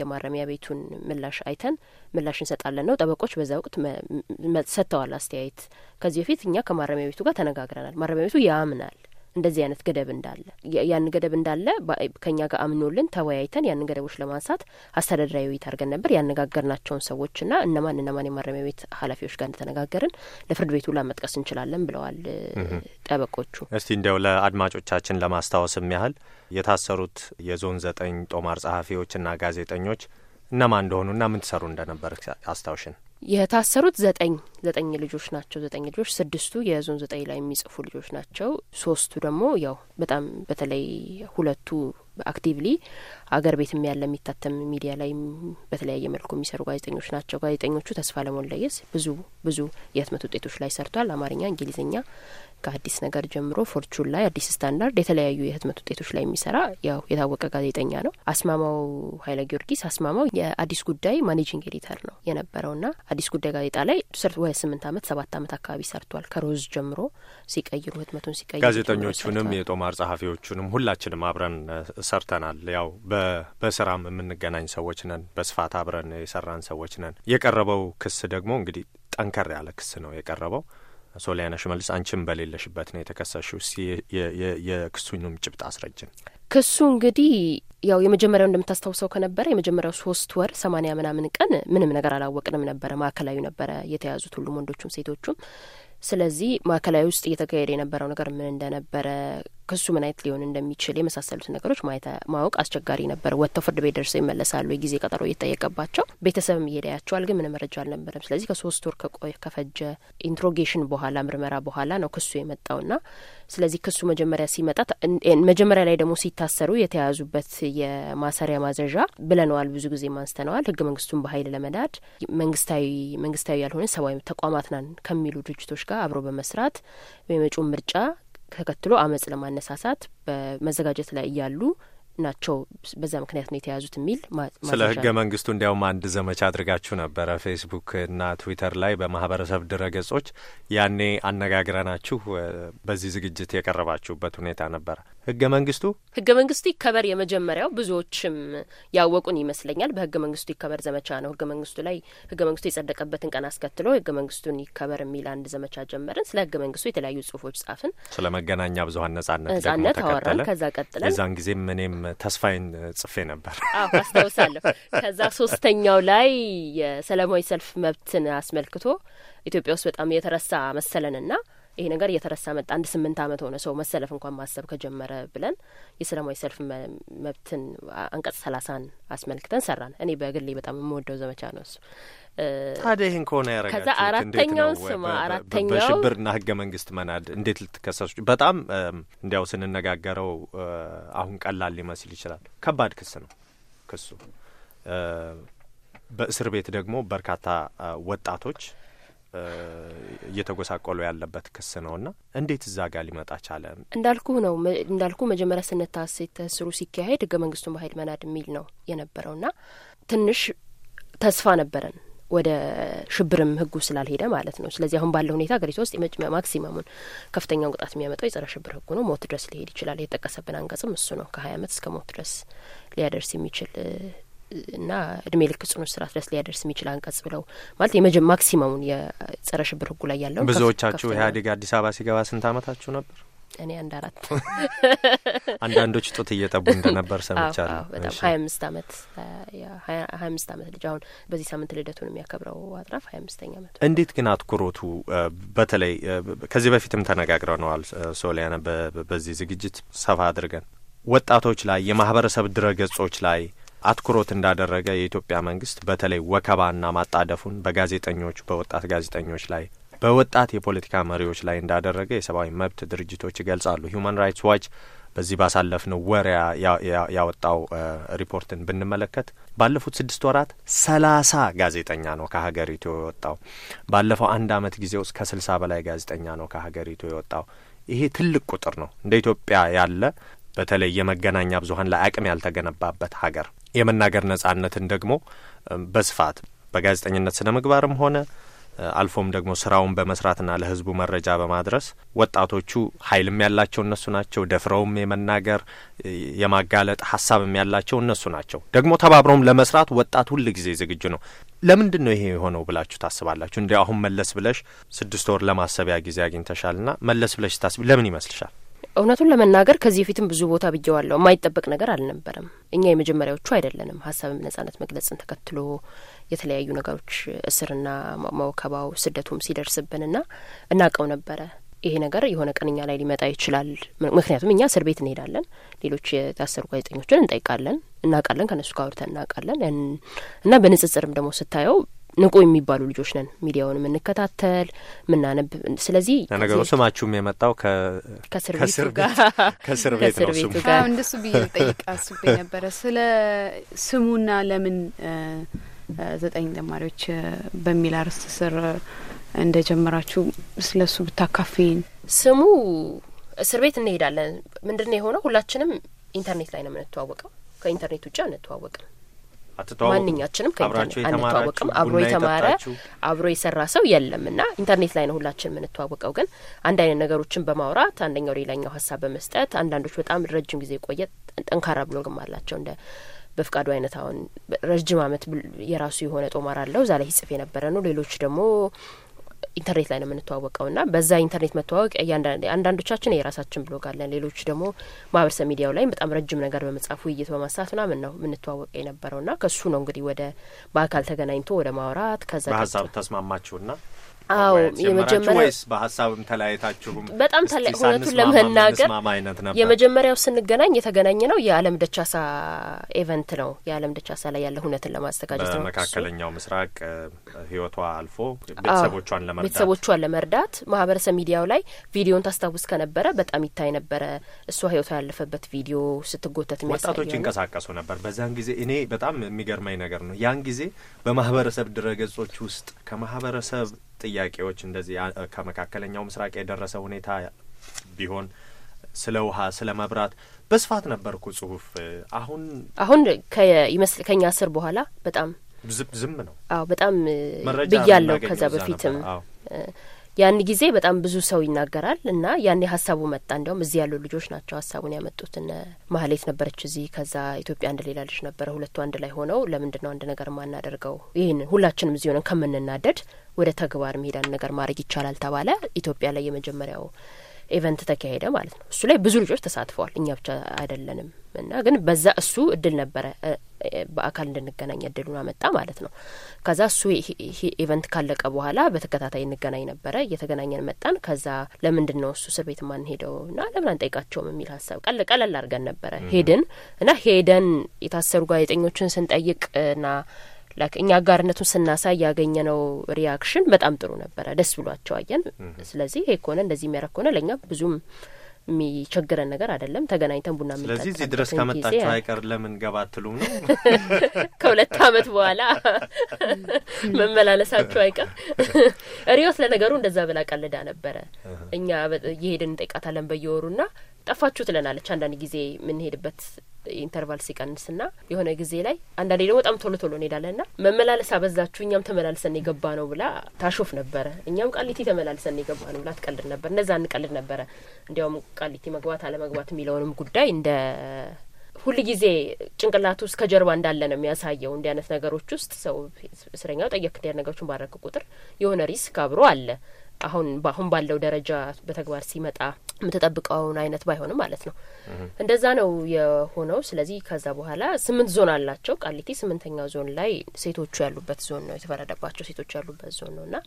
የማረሚያ ቤቱን ምላሽ አይተን ምላሽ እንሰጣለን ነው። ጠበቆች በዛ ወቅት ሰጥተዋል አስተያየት። ከዚህ በፊት እኛ ከማረሚያ ቤቱ ጋር ተነጋግረናል። ማረሚያ ቤቱ ያምናል እንደዚህ አይነት ገደብ እንዳለ ያን ገደብ እንዳለ ከኛ ጋር አምኖልን ተወያይተን ያን ገደቦች ለማንሳት አስተዳደራዊ ውይይት አድርገን ነበር። ያነጋገርናቸውን ና እነማን እነማን የማረሚያ ቤት ኃላፊዎች ጋር እንደተነጋገርን ለፍርድ ቤቱ ላመጥቀስ እንችላለን ብለዋል ጠበቆቹ። እስቲ እንዲያው ለአድማጮቻችን ለማስታወስም ያህል የታሰሩት የዞን ዘጠኝ ጦማር ና ጋዜጠኞች እነማን እንደሆኑ ና ምን ትሰሩ እንደነበር አስታውሽን። የታሰሩት ዘጠኝ ዘጠኝ ልጆች ናቸው። ዘጠኝ ልጆች ስድስቱ የዞን ዘጠኝ ላይ የሚጽፉ ልጆች ናቸው። ሶስቱ ደግሞ ያው በጣም በተለይ ሁለቱ አክቲቭሊ አገር ቤትም ያለ የሚታተም ሚዲያ ላይ በተለያየ መልኩ የሚሰሩ ጋዜጠኞች ናቸው። ጋዜጠኞቹ ተስፋ ለሞለየስ ብዙ ብዙ የህትመት ውጤቶች ላይ ሰርቷል። አማርኛ፣ እንግሊዝኛ፣ ከአዲስ ነገር ጀምሮ ፎርቹን ላይ አዲስ ስታንዳርድ የተለያዩ የህትመት ውጤቶች ላይ የሚሰራ ያው የታወቀ ጋዜጠኛ ነው። አስማማው ኃይለ ጊዮርጊስ አስማማው የአዲስ ጉዳይ ማኔጂንግ ኤዲተር ነው ና አዲስ ጉዳይ ጋዜጣ ላይ ወደ ስምንት አመት ሰባት አመት አካባቢ ሰርቷል። ከሮዝ ጀምሮ ሲቀይሩ ህትመቱን ሲቀይሩ ጋዜጠኞቹንም የጦማር ጸሐፊዎቹንም ሁላችንም አብረን ሰርተናል። ያው በስራም የምንገናኝ ሰዎች ነን። በስፋት አብረን የሰራን ሰዎች ነን። የቀረበው ክስ ደግሞ እንግዲህ ጠንከር ያለ ክስ ነው የቀረበው ሶሊያና ሽመልስ አንቺም በሌለሽበት ነው የተከሰሽው። እስቲ የክሱንም ጭብጥ አስረጅን። ክሱ እንግዲህ ያው የመጀመሪያው እንደምታስታውሰው ከነበረ የመጀመሪያው ሶስት ወር ሰማኒያ ምናምን ቀን ምንም ነገር አላወቅንም ነበረ። ማዕከላዊ ነበረ የተያዙት ሁሉም ወንዶቹም ሴቶቹም። ስለዚህ ማዕከላዊ ውስጥ እየተካሄደ የነበረው ነገር ምን እንደነበረ ክሱ ምን አይነት ሊሆን እንደሚችል የመሳሰሉት ነገሮች ማወቅ አስቸጋሪ ነበር። ወጥተው ፍርድ ቤት ደርሰው ይመለሳሉ። የጊዜ ቀጠሮ እየጠየቀባቸው ቤተሰብም እየሄዳያቸዋል ግን ምን መረጃ አልነበረም። ስለዚህ ከሶስት ወር ከፈጀ ኢንትሮጌሽን በኋላ ምርመራ በኋላ ነው ክሱ የመጣውና ስለዚህ ክሱ መጀመሪያ ሲመጣ መጀመሪያ ላይ ደግሞ ሲታሰሩ የተያዙበት የማሰሪያ ማዘዣ ብለነዋል፣ ብዙ ጊዜ ማንስተነዋል። ህገ መንግስቱን በኃይል ለመዳድ መንግስታዊ መንግስታዊ ያልሆነ ሰብአዊ ተቋማት ናን ከሚሉ ድርጅቶች ጋር አብሮ በመስራት የመጪውን ምርጫ ተከትሎ አመጽ ለማነሳሳት በመዘጋጀት ላይ እያሉ ናቸው። በዛ ምክንያት ነው የተያዙት የሚል ስለ ህገ መንግስቱ እንዲያውም አንድ ዘመቻ አድርጋችሁ ነበረ ፌስቡክ እና ትዊተር ላይ በማህበረሰብ ድረገጾች ያኔ አነጋግረናችሁ በዚህ ዝግጅት የቀረባችሁበት ሁኔታ ነበረ። ህገ መንግስቱ ህገ መንግስቱ ይከበር የመጀመሪያው ብዙዎችም ያወቁን ይመስለኛል። በህገ መንግስቱ ይከበር ዘመቻ ነው። ህገ መንግስቱ ላይ ህገ መንግስቱ የጸደቀበትን ቀን አስከትሎ ህገ መንግስቱን ይከበር የሚል አንድ ዘመቻ ጀመርን። ስለ ህገ መንግስቱ የተለያዩ ጽሁፎች ጻፍን። ስለ መገናኛ ብዙሀን ነጻነት ነጻነት አወራን። ከዛ ቀጥለን የዛን ጊዜም እኔም ተስፋይን ጽፌ ነበር አስታውሳለሁ። ከዛ ሶስተኛው ላይ የሰላማዊ ሰልፍ መብትን አስመልክቶ ኢትዮጵያ ውስጥ በጣም የተረሳ መሰለንና ይሄ ነገር እየተረሳ መጣ። አንድ ስምንት አመት ሆነ ሰው መሰለፍ እንኳን ማሰብ ከጀመረ ብለን የሰላማዊ ሰልፍ መብትን አንቀጽ ሰላሳን አስመልክተን ሰራን። እኔ በግሌ በጣም የምወደው ዘመቻ ነው እሱ። ታዲያ ይህን ከሆነ ያረጋችሁ ከዛ አራተኛው ስማ አራተኛው በሽብርና ህገ መንግስት መናድ እንዴት ልትከሰሱ? በጣም እንዲያው ስንነጋገረው አሁን ቀላል ሊመስል ይችላል። ከባድ ክስ ነው ክሱ። በእስር ቤት ደግሞ በርካታ ወጣቶች እየተጎሳቆሉ ያለበት ክስ ና እንዴት እዛ ጋር ሊመጣ ቻለ? እንዳልኩ ነው እንዳልኩ መጀመሪያ ስንታ ተስሩ ሲካሄድ ህገ መንግስቱን በኃይል መናድ የሚል ነው ና ትንሽ ተስፋ ነበረን ወደ ሽብርም ህጉ ስላልሄደ ማለት ነው። ስለዚህ አሁን ባለው ሁኔታ ሀገሪቷ ውስጥ ማክሲመሙን ከፍተኛውን ቅጣት የሚያመጣው የጸረ ሽብር ህጉ ነው። ሞት ድረስ ሊሄድ ይችላል። የተጠቀሰብን አንቀጽም እሱ ነው። ከሀያ አመት እስከ ሞት ድረስ ሊያደርስ የሚችል እና እድሜ ልክ ጽኑ እስራት ድረስ ሊያደርስ የሚችል አንቀጽ ብለው ማለት የመጀ ማክሲመሙን የጸረ ሽብር ህጉ ላይ ያለውን ብዙዎቻችሁ ኢህአዴግ አዲስ አበባ ሲገባ ስንት አመታችሁ ነበር? እኔ አንድ አራት አንዳንዶች ጡት እየጠቡ እንደነበር ሰምቻለሁ። በጣም ሀያ አምስት አመት ሀያ አምስት አመት ልጅ አሁን በዚህ ሳምንት ልደቱን የሚያከብረው አጥራፍ ሀያ አምስተኛ አመት። እንዴት ግን አትኩሮቱ በተለይ ከዚህ በፊትም ተነጋግረነዋል ሶሊያነ በዚህ ዝግጅት ሰፋ አድርገን ወጣቶች ላይ የማህበረሰብ ድረገጾች ላይ አትኩሮት እንዳደረገ የኢትዮጵያ መንግስት በተለይ ወከባና ማጣደፉን በጋዜጠኞች በወጣት ጋዜጠኞች ላይ በወጣት የፖለቲካ መሪዎች ላይ እንዳደረገ የሰብአዊ መብት ድርጅቶች ይገልጻሉ። ሁማን ራይትስ ዋች በዚህ ባሳለፍነው ወር ያወጣው ሪፖርትን ብንመለከት ባለፉት ስድስት ወራት ሰላሳ ጋዜጠኛ ነው ከሀገሪቱ የወጣው። ባለፈው አንድ አመት ጊዜ ውስጥ ከስልሳ በላይ ጋዜጠኛ ነው ከሀገሪቱ የወጣው። ይሄ ትልቅ ቁጥር ነው እንደ ኢትዮጵያ ያለ በተለይ የመገናኛ ብዙሀን ላይ አቅም ያልተገነባበት ሀገር የመናገር ነጻነትን ደግሞ በስፋት በጋዜጠኝነት ስነ ምግባርም ሆነ አልፎም ደግሞ ስራውን በመስራትና ለህዝቡ መረጃ በማድረስ ወጣቶቹ ኃይልም ያላቸው እነሱ ናቸው። ደፍረውም የመናገር የማጋለጥ ሀሳብም ያላቸው እነሱ ናቸው። ደግሞ ተባብረውም ለመስራት ወጣት ሁል ጊዜ ዝግጁ ነው። ለምንድን ነው ይሄ የሆነው ብላችሁ ታስባላችሁ? እንዲ አሁን መለስ ብለሽ ስድስት ወር ለማሰቢያ ጊዜ ና መለስ ብለሽ ታስብ ለምን ይመስልሻል? እውነቱን ለመናገር ከዚህ በፊትም ብዙ ቦታ ብዬዋለሁ። የማይጠበቅ ነገር አልነበረም። እኛ የመጀመሪያዎቹ አይደለንም። ሀሳብም ነጻነት መግለጽን ተከትሎ የተለያዩ ነገሮች እስርና መውከባው ስደቱም ሲደርስብንና እናውቀው ነበረ ይሄ ነገር የሆነ ቀን እኛ ላይ ሊመጣ ይችላል። ምክንያቱም እኛ እስር ቤት እንሄዳለን፣ ሌሎች የታሰሩ ጋዜጠኞችን እንጠይቃለን፣ እናውቃለን፣ ከነሱ ጋር አውርተን እናውቃለን እና በንጽጽርም ደግሞ ስታየው ንቁ የሚባሉ ልጆች ነን። ሚዲያውን የምንከታተል ምናነብ። ስለዚህ ነገሩ ስማችሁም የመጣው ከእስር ቤቱ ጋር ከእስር ቤት ነው ስሙ። እንደሱ ብዬ ልጠይቅ አስቤ ነበረ ስለ ስሙና ለምን ዘጠኝ ተማሪዎች በሚል አርስት ስር እንደ ጀመራችሁ ስለ እሱ ብታካፊን። ስሙ እስር ቤት እንሄዳለን ምንድን ነው የሆነው? ሁላችንም ኢንተርኔት ላይ ነው የምንተዋወቀው። ከኢንተርኔት ውጭ አንተዋወቅም። ማንኛችንም ከኢንተርኔት አንተዋወቅም። አብሮ የተማረ አብሮ የሰራ ሰው የለም እና ኢንተርኔት ላይ ነው ሁላችን የምንተዋወቀው። ግን አንድ አይነት ነገሮችን በማውራት አንደኛው ሌላኛው ሀሳብ በመስጠት አንዳንዶች በጣም ረጅም ጊዜ የቆየ ጠንካራ ብሎግም አላቸው እንደ በፍቃዱ አይነት አሁን ረጅም ዓመት የራሱ የሆነ ጦማር አለው እዛ ላይ ይጽፍ የነበረ ነው። ሌሎች ደግሞ ኢንተርኔት ላይ ነው የምንተዋወቀው ና በዛ ኢንተርኔት መተዋወቅ አንዳንዶቻችን የራሳችን ብሎግ አለን፣ ሌሎች ደግሞ ማህበረሰብ ሚዲያው ላይ በጣም ረጅም ነገር በመጻፍ ውይይት በማሳት ምናምን ነው የምንተዋወቀ የነበረው ና ከሱ ነው እንግዲህ ወደ በአካል ተገናኝቶ ወደ ማውራት ከዛ በሀሳብ ተስማማችሁ ና አዎ የመጀመሪያው ወይስ በሀሳብም ተለያየታችሁም? በጣም እውነቱን ለመናገር የመጀመሪያው ስንገናኝ የተገናኘ ነው የአለም ደቻሳ ኤቨንት ነው። የአለም ደቻሳ ላይ ያለ ሁነትን ለማዘጋጀት ነው። መካከለኛው ምስራቅ ህይወቷ አልፎ ቤተሰቦቿን ለመርዳት ቤተሰቦቿን ለመርዳት ማህበረሰብ ሚዲያው ላይ ቪዲዮን ታስታውስ ከነበረ በጣም ይታይ ነበረ። እሷ ህይወቷ ያለፈበት ቪዲዮ ስትጎተት ወጣቶች ይንቀሳቀሱ ነበር በዚያን ጊዜ። እኔ በጣም የሚገርመኝ ነገር ነው ያን ጊዜ በማህበረሰብ ድረገጾች ውስጥ ከማህበረሰብ ጥያቄዎች እንደዚህ ከመካከለኛው ምስራቅ የደረሰ ሁኔታ ቢሆን ስለ ውሃ፣ ስለ መብራት በስፋት ነበርኩ ጽሁፍ አሁን አሁን ይመስል ከኛ ስር በኋላ በጣም ዝም ነው። አዎ በጣም ብያለው ከዛ በፊትም ያን ጊዜ በጣም ብዙ ሰው ይናገራል እና ያኔ ሀሳቡ መጣ። እንዲያውም እዚህ ያሉ ልጆች ናቸው ሀሳቡን ያመጡት። እነ ማህሌት ነበረች እዚህ፣ ከዛ ኢትዮጵያ አንድ ሌላ ልጅ ነበረ። ሁለቱ አንድ ላይ ሆነው ለምንድን ነው አንድ ነገር ማናደርገው? ይህን ሁላችንም እዚህ ሆነን ከምንናደድ ወደ ተግባር መሄዳን ነገር ማድረግ ይቻላል ተባለ። ኢትዮጵያ ላይ የመጀመሪያው ኢቨንት ተካሄደ ማለት ነው። እሱ ላይ ብዙ ልጆች ተሳትፈዋል፣ እኛ ብቻ አይደለንም እና ግን በዛ እሱ እድል ነበረ በአካል እንድንገናኝ እድሉን አመጣ ማለት ነው። ከዛ እሱ ኢቨንት ካለቀ በኋላ በተከታታይ እንገናኝ ነበረ። እየተገናኘን መጣን። ከዛ ለምንድን ነው እሱ እስር ቤት ማን ሄደው እና ለምን አንጠይቃቸውም የሚል ሀሳብ ቀል ቀለል አድርገን ነበረ ሄድን እና ሄደን የታሰሩ ጋዜጠኞችን ስንጠይቅ ና ላይክ እኛ አጋርነቱን ስናሳይ ነው ሪያክሽን በጣም ጥሩ ነበረ። ደስ ብሏቸው አየን። ስለዚህ ይሄ ከሆነ እንደዚህ የሚያረግ ከሆነ ለእኛ ብዙም የሚቸግረን ነገር አይደለም። ተገናኝተን ቡና ስለዚህ እዚህ ድረስ ከመጣችሁ አይቀር ለምን ገባ አትሉም ነው ከሁለት አመት በኋላ መመላለሳችሁ አይቀር። ሪዮት ለነገሩ እንደዛ ብላ ቀልዳ ነበረ። እኛ የሄድን እንጠይቃታለን በየወሩ ና ጠፋችሁ ትለናለች። አንዳንድ ጊዜ የምንሄድበት ኢንተርቫል ሲቀንስና የሆነ ጊዜ ላይ አንዳንዴ ደግሞ በጣም ቶሎ ቶሎ ና መመላለስ አበዛችሁ እኛም ተመላልሰን የገባ ነው ብላ ታሾፍ ነበረ። እኛም ቃሊቲ ተመላልሰን የገባ ነው ብላ ትቀልድ ነበር። እነዛ እንቀልድ ነበረ። እንዲያውም ቃሊቲ መግባት አለመግባት የሚለውንም ጉዳይ እንደ ሁል ጊዜ ጭንቅላቱ ውስጥ ከጀርባ እንዳለ ነው የሚያሳየው። እንዲህ አይነት ነገሮች ውስጥ ሰው እስረኛው ጠየቅ እንዲያ ነገሮችን ባረክ ቁጥር የሆነ ሪስክ አብሮ አለ። አሁን አሁን ባለው ደረጃ በተግባር ሲመጣ የምትጠብቀውን አይነት ባይሆንም ማለት ነው። እንደዛ ነው የሆነው። ስለዚህ ከዛ በኋላ ስምንት ዞን አላቸው። ቃሊቲ ስምንተኛው ዞን ላይ ሴቶቹ ያሉበት ዞን ነው የተፈረደባቸው፣ ሴቶቹ ያሉበት ዞን ነው እና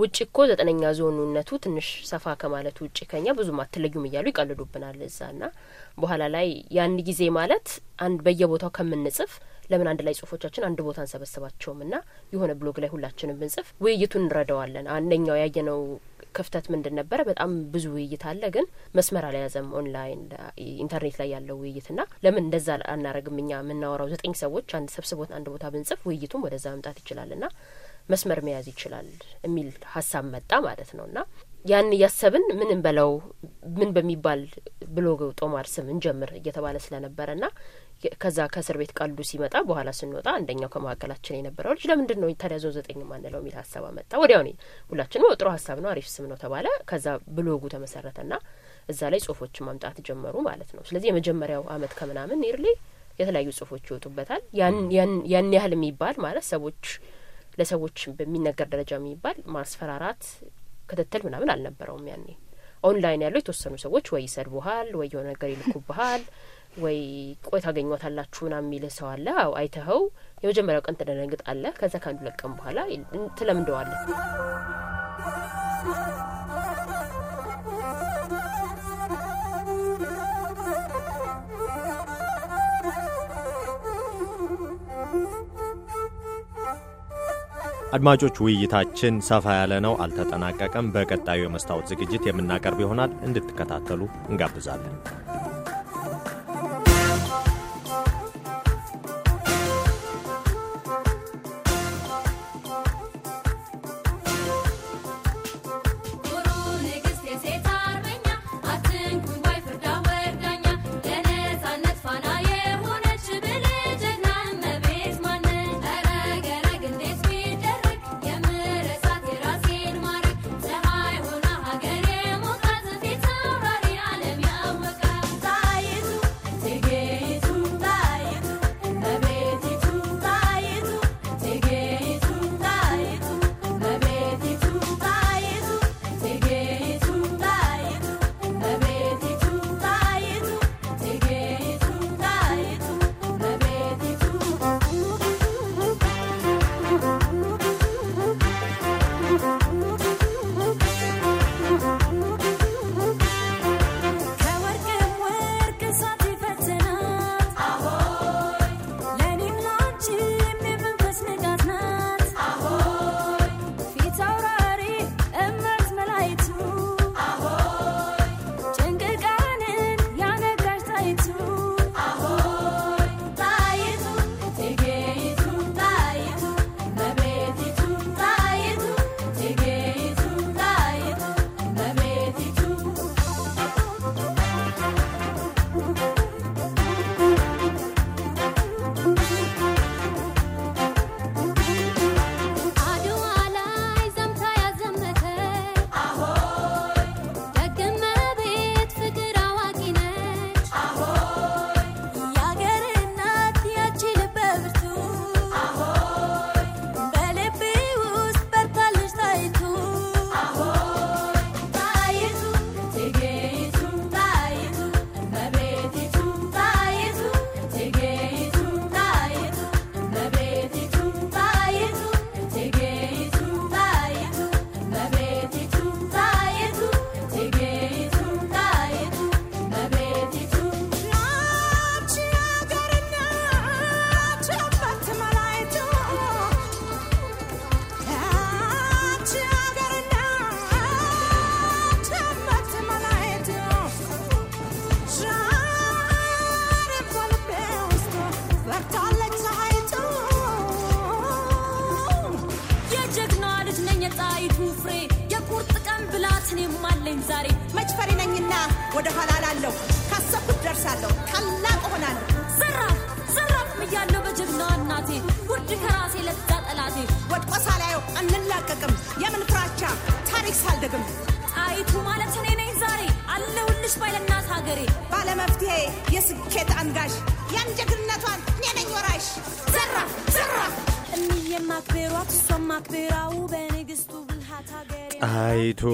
ውጭ እኮ ዘጠነኛ ዞኑነቱ ትንሽ ሰፋ ከማለት ውጭ ከኛ ብዙም አትለዩም እያሉ ይቀልዱብናል እዛ ና በኋላ ላይ ያን ጊዜ ማለት አንድ በየቦታው ከምንጽፍ ለምን አንድ ላይ ጽሁፎቻችን አንድ ቦታ አንሰበስባቸውም እና የሆነ ብሎግ ላይ ሁላችንም ብንጽፍ ውይይቱን እንረዳዋለን። አንደኛው ያየነው ክፍተት ምንድን ነበረ? በጣም ብዙ ውይይት አለ፣ ግን መስመር አልያዘም። ኦንላይን ኢንተርኔት ላይ ያለው ና ለምን እንደዛ አናረግም? እኛ የምናወራው ዘጠኝ ሰዎች አንድ ሰብስቦት አንድ ቦታ ብንጽፍ ውይይቱም ወደዛ መምጣት ና መስመር መያዝ ይችላል የሚል ሀሳብ መጣ ማለት ነው ና ያን እያሰብን ምን በለው ምን በሚባል ብሎግ ጦማር ስም እንጀምር እየተባለ ስለነበረ ና ከዛ ከእስር ቤት ቀልዱ ሲመጣ በኋላ ስንወጣ አንደኛው ከመካከላችን የነበረው ልጅ ለምንድን ነው ታዲያ ዘጠኝ ማንለው የሚል ሀሳብ አመጣ። ወዲያው ሁላችንም ጥሩ ሀሳብ ነው አሪፍ ስም ነው ተባለ። ከዛ ብሎጉ ና እዛ ላይ ጽሁፎችን ማምጣት ጀመሩ ማለት ነው። ስለዚህ የመጀመሪያው አመት ከምናምን ኒርሊ የተለያዩ ጽሁፎች ይወጡበታል። ያን ያህል የሚባል ማለት ሰዎች ለሰዎች በሚነገር ደረጃ የሚባል ማስፈራራት ክትትል ምናምን አልነበረውም። ያኔ ኦንላይን ያለው የተወሰኑ ሰዎች ወይ ይሰድቡሃል ወይ የሆነ ነገር ይልኩብሃል ወይ ቆይ ታገኘታላችሁ ና የሚል ሰው አለ። አዎ አይተኸው የመጀመሪያው ቀን አለ። ከዛ ከአንዱ ለቀም በኋላ ትለምደዋለ። አድማጮች ውይይታችን ሰፋ ያለ ነው፣ አልተጠናቀቀም። በቀጣዩ የመስታወት ዝግጅት የምናቀርብ ይሆናል። እንድትከታተሉ እንጋብዛለን።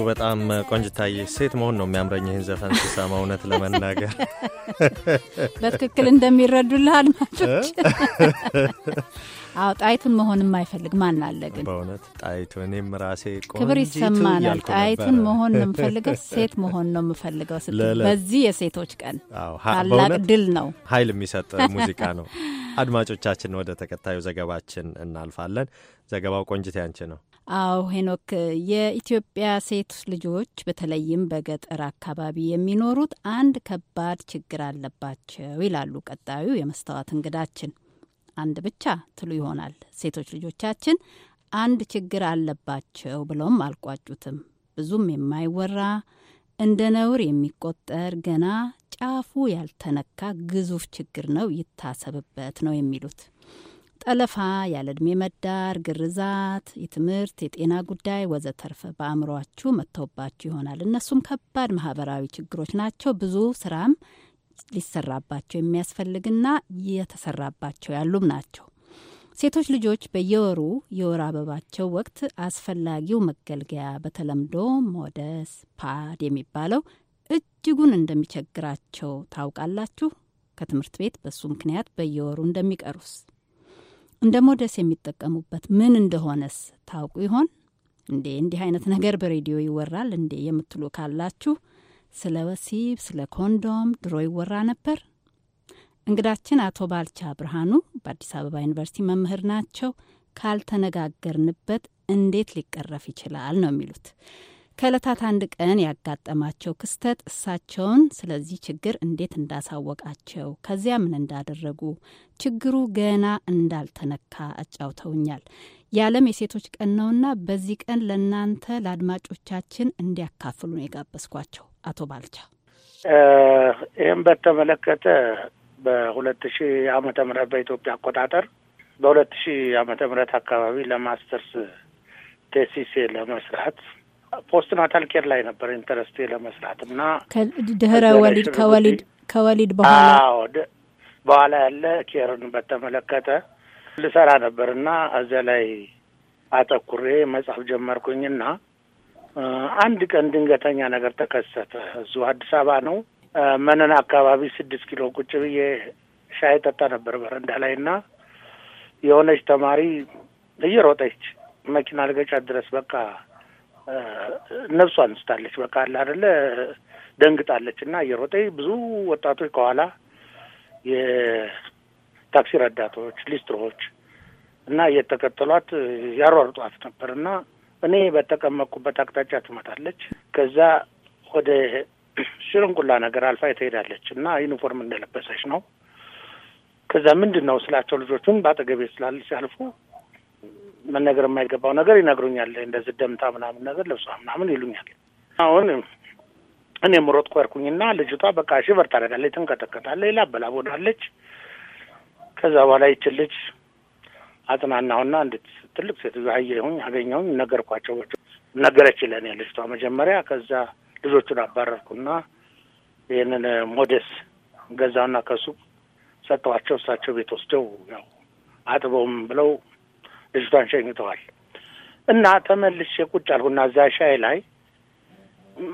በጣም ቆንጅታዬ፣ ሴት መሆን ነው የሚያምረኝ ይህን ዘፈን ስሰማ፣ እውነት ለመናገር በትክክል እንደሚረዱልህ አድማጮች። አዎ ጣይቱን መሆን የማይፈልግ ማን አለ ግን? በእውነት ጣይቱ እኔም ራሴ ክብር ይሰማናል። ጣይቱን መሆን ነው የምፈልገው፣ ሴት መሆን ነው የምፈልገው ስትል በዚህ የሴቶች ቀን ታላቅ ድል ነው። ሀይል የሚሰጥ ሙዚቃ ነው። አድማጮቻችን፣ ወደ ተከታዩ ዘገባችን እናልፋለን። ዘገባው ቆንጅት ያንቺ ነው። አዎ ሄኖክ፣ የኢትዮጵያ ሴት ልጆች በተለይም በገጠር አካባቢ የሚኖሩት አንድ ከባድ ችግር አለባቸው ይላሉ ቀጣዩ የመስታወት እንግዳችን። አንድ ብቻ ትሉ ይሆናል። ሴቶች ልጆቻችን አንድ ችግር አለባቸው ብለውም አልቋጩትም። ብዙም የማይወራ እንደ ነውር የሚቆጠር ገና ጫፉ ያልተነካ ግዙፍ ችግር ነው፣ ይታሰብበት ነው የሚሉት ጠለፋ፣ ያለ ዕድሜ መዳር፣ ግርዛት፣ የትምህርት የጤና ጉዳይ ወዘተርፈ በአእምሯችሁ መጥተውባችሁ ይሆናል። እነሱም ከባድ ማህበራዊ ችግሮች ናቸው። ብዙ ስራም ሊሰራባቸው የሚያስፈልግና የተሰራባቸው ያሉም ናቸው። ሴቶች ልጆች በየወሩ የወር አበባቸው ወቅት አስፈላጊው መገልገያ በተለምዶ ሞደስ ፓድ የሚባለው እጅጉን እንደሚቸግራቸው ታውቃላችሁ። ከትምህርት ቤት በሱ ምክንያት በየወሩ እንደሚቀሩስ እንደ ሞደስ የሚጠቀሙበት ምን እንደሆነስ ታውቁ ይሆን እንዴ? እንዲህ አይነት ነገር በሬዲዮ ይወራል እንዴ የምትሉ ካላችሁ ስለ ወሲብ፣ ስለ ኮንዶም ድሮ ይወራ ነበር። እንግዳችን አቶ ባልቻ ብርሃኑ በአዲስ አበባ ዩኒቨርሲቲ መምህር ናቸው። ካልተነጋገርንበት እንዴት ሊቀረፍ ይችላል ነው የሚሉት። ከእለታት አንድ ቀን ያጋጠማቸው ክስተት እሳቸውን ስለዚህ ችግር እንዴት እንዳሳወቃቸው ከዚያ ምን እንዳደረጉ ችግሩ ገና እንዳልተነካ አጫውተውኛል። የዓለም የሴቶች ቀን ነውና በዚህ ቀን ለእናንተ ለአድማጮቻችን እንዲያካፍሉ ነው የጋበዝኳቸው። አቶ ባልቻ ይህም በተመለከተ በሁለት ሺህ ዓመተ ምህረት በኢትዮጵያ አቆጣጠር በሁለት ሺህ ዓመተ ምህረት አካባቢ ለማስተርስ ቴሲሴ ለመስራት ፖስት ናታል ኬር ላይ ነበር ኢንተረስቴ ለመስራት እና ድህረ ወሊድ ከወሊድ ከወሊድ በኋላ በኋላ ያለ ኬርን በተመለከተ ልሰራ ነበር እና እዚያ ላይ አተኩሬ መጽሐፍ ጀመርኩኝና አንድ ቀን ድንገተኛ ነገር ተከሰተ። እዚሁ አዲስ አበባ ነው መነን አካባቢ ስድስት ኪሎ ቁጭ ብዬ ሻይ ጠጣ ነበር በረንዳ ላይ እና የሆነች ተማሪ እየሮጠች መኪና ልገጫት ድረስ በቃ ነፍሷ አንስታለች። በቃ አለ አደለ ደንግጣለች። እና እየሮጠ ብዙ ወጣቶች ከኋላ የታክሲ ረዳቶች፣ ሊስትሮዎች እና እየተከተሏት ያሯርጧት ነበር እና እኔ በተቀመጥኩበት አቅጣጫ ትመታለች። ከዛ ወደ ሽርንቁላ ነገር አልፋ ትሄዳለች እና ዩኒፎርም እንደለበሰች ነው። ከዛ ምንድን ነው ስላቸው ልጆቹም በአጠገቤ ስላል ሲያልፉ መነገር የማይገባው ነገር ይነግሩኛል። እንደዚህ ደምታ ምናምን ነገር ልብሷ ምናምን ይሉኛል። አሁን እኔም ሮጥኩ ና ልጅቷ በቃ ሽበር ታደርጋለች፣ ትንቀጠቀጣለች፣ ላበላቦናለች። ከዛ በኋላ ይችን ልጅ አጽናናሁና እንድት ትልቅ ሴትዮ አየሁኝ፣ አገኘሁኝ፣ ነገርኳቸው። ነገረች ለእኔ ልጅቷ መጀመሪያ። ከዛ ልጆቹን አባረርኩና ይህንን ሞዴስ ገዛውና ከሱ ሰጠዋቸው። እሳቸው ቤት ወስደው ያው አጥበውም ብለው ልጅቷን ሸኝተዋል። እና ተመልሼ ቁጭ አልሁና እዛ ሻይ ላይ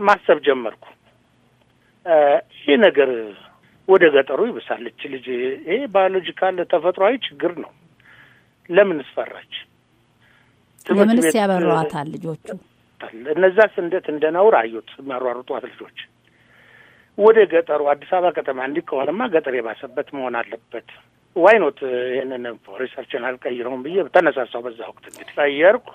ማሰብ ጀመርኩ። ይህ ነገር ወደ ገጠሩ ይብሳለች ልጅ ይሄ ባዮሎጂካል ተፈጥሯዊ ችግር ነው። ለምን እስፈራች ለምንስ ያበሯታል? ልጆቹ እነዛ ስንደት እንደ ነውር አዩት የሚያሯሩጧት ልጆች ወደ ገጠሩ አዲስ አበባ ከተማ እንዲህ ከሆነማ ገጠር የባሰበት መሆን አለበት ዋይ ኖት ይህንን ሪሰርችን አልቀይረውም ብዬ ተነሳሳው። በዛ ወቅት እንግዲህ ቀየርኩ።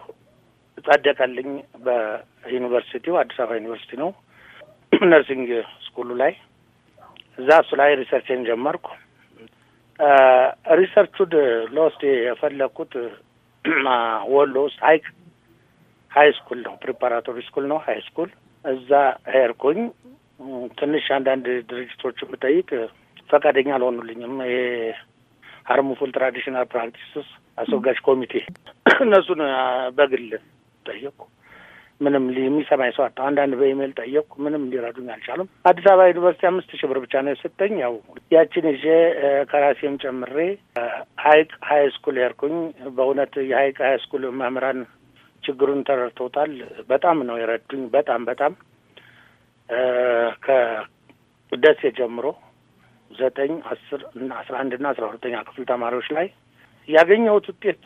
ጻደቀልኝ በዩኒቨርሲቲው አዲስ አበባ ዩኒቨርሲቲ ነው ነርሲንግ ስኩሉ ላይ እዛ እሱ ላይ ሪሰርችን ጀመርኩ። ሪሰርቹድ ለወስድ የፈለግኩት ወሎ ውስጥ ሀይክ ሀይ ስኩል ነው፣ ፕሪፓራቶሪ ስኩል ነው ሀይ ስኩል። እዛ ሄድኩኝ። ትንሽ አንዳንድ ድርጅቶች ብጠይቅ ፈቃደኛ አልሆኑልኝም። ይሄ ሃርሙፉል ትራዲሽናል ፕራክቲስስ አስወጋጅ ኮሚቴ እነሱን በግል ጠየቅኩ። ምንም የሚሰማኝ ሰው አጣሁ። አንዳንድ በኢሜይል ጠየቅኩ። ምንም ሊረዱኝ አልቻሉም። አዲስ አበባ ዩኒቨርሲቲ አምስት ሺህ ብር ብቻ ነው የሰጠኝ። ያው ያችን ይዤ ከራሴም ጨምሬ ሀይቅ ሀይ ስኩል ያርኩኝ። በእውነት የሀይቅ ሀይ ስኩል መምህራን ችግሩን ተረድተውታል። በጣም ነው የረዱኝ። በጣም በጣም ከደሴ ጀምሮ ዘጠኝ አስር እና አስራ አንድ እና አስራ ሁለተኛ ክፍል ተማሪዎች ላይ ያገኘሁት ውጤት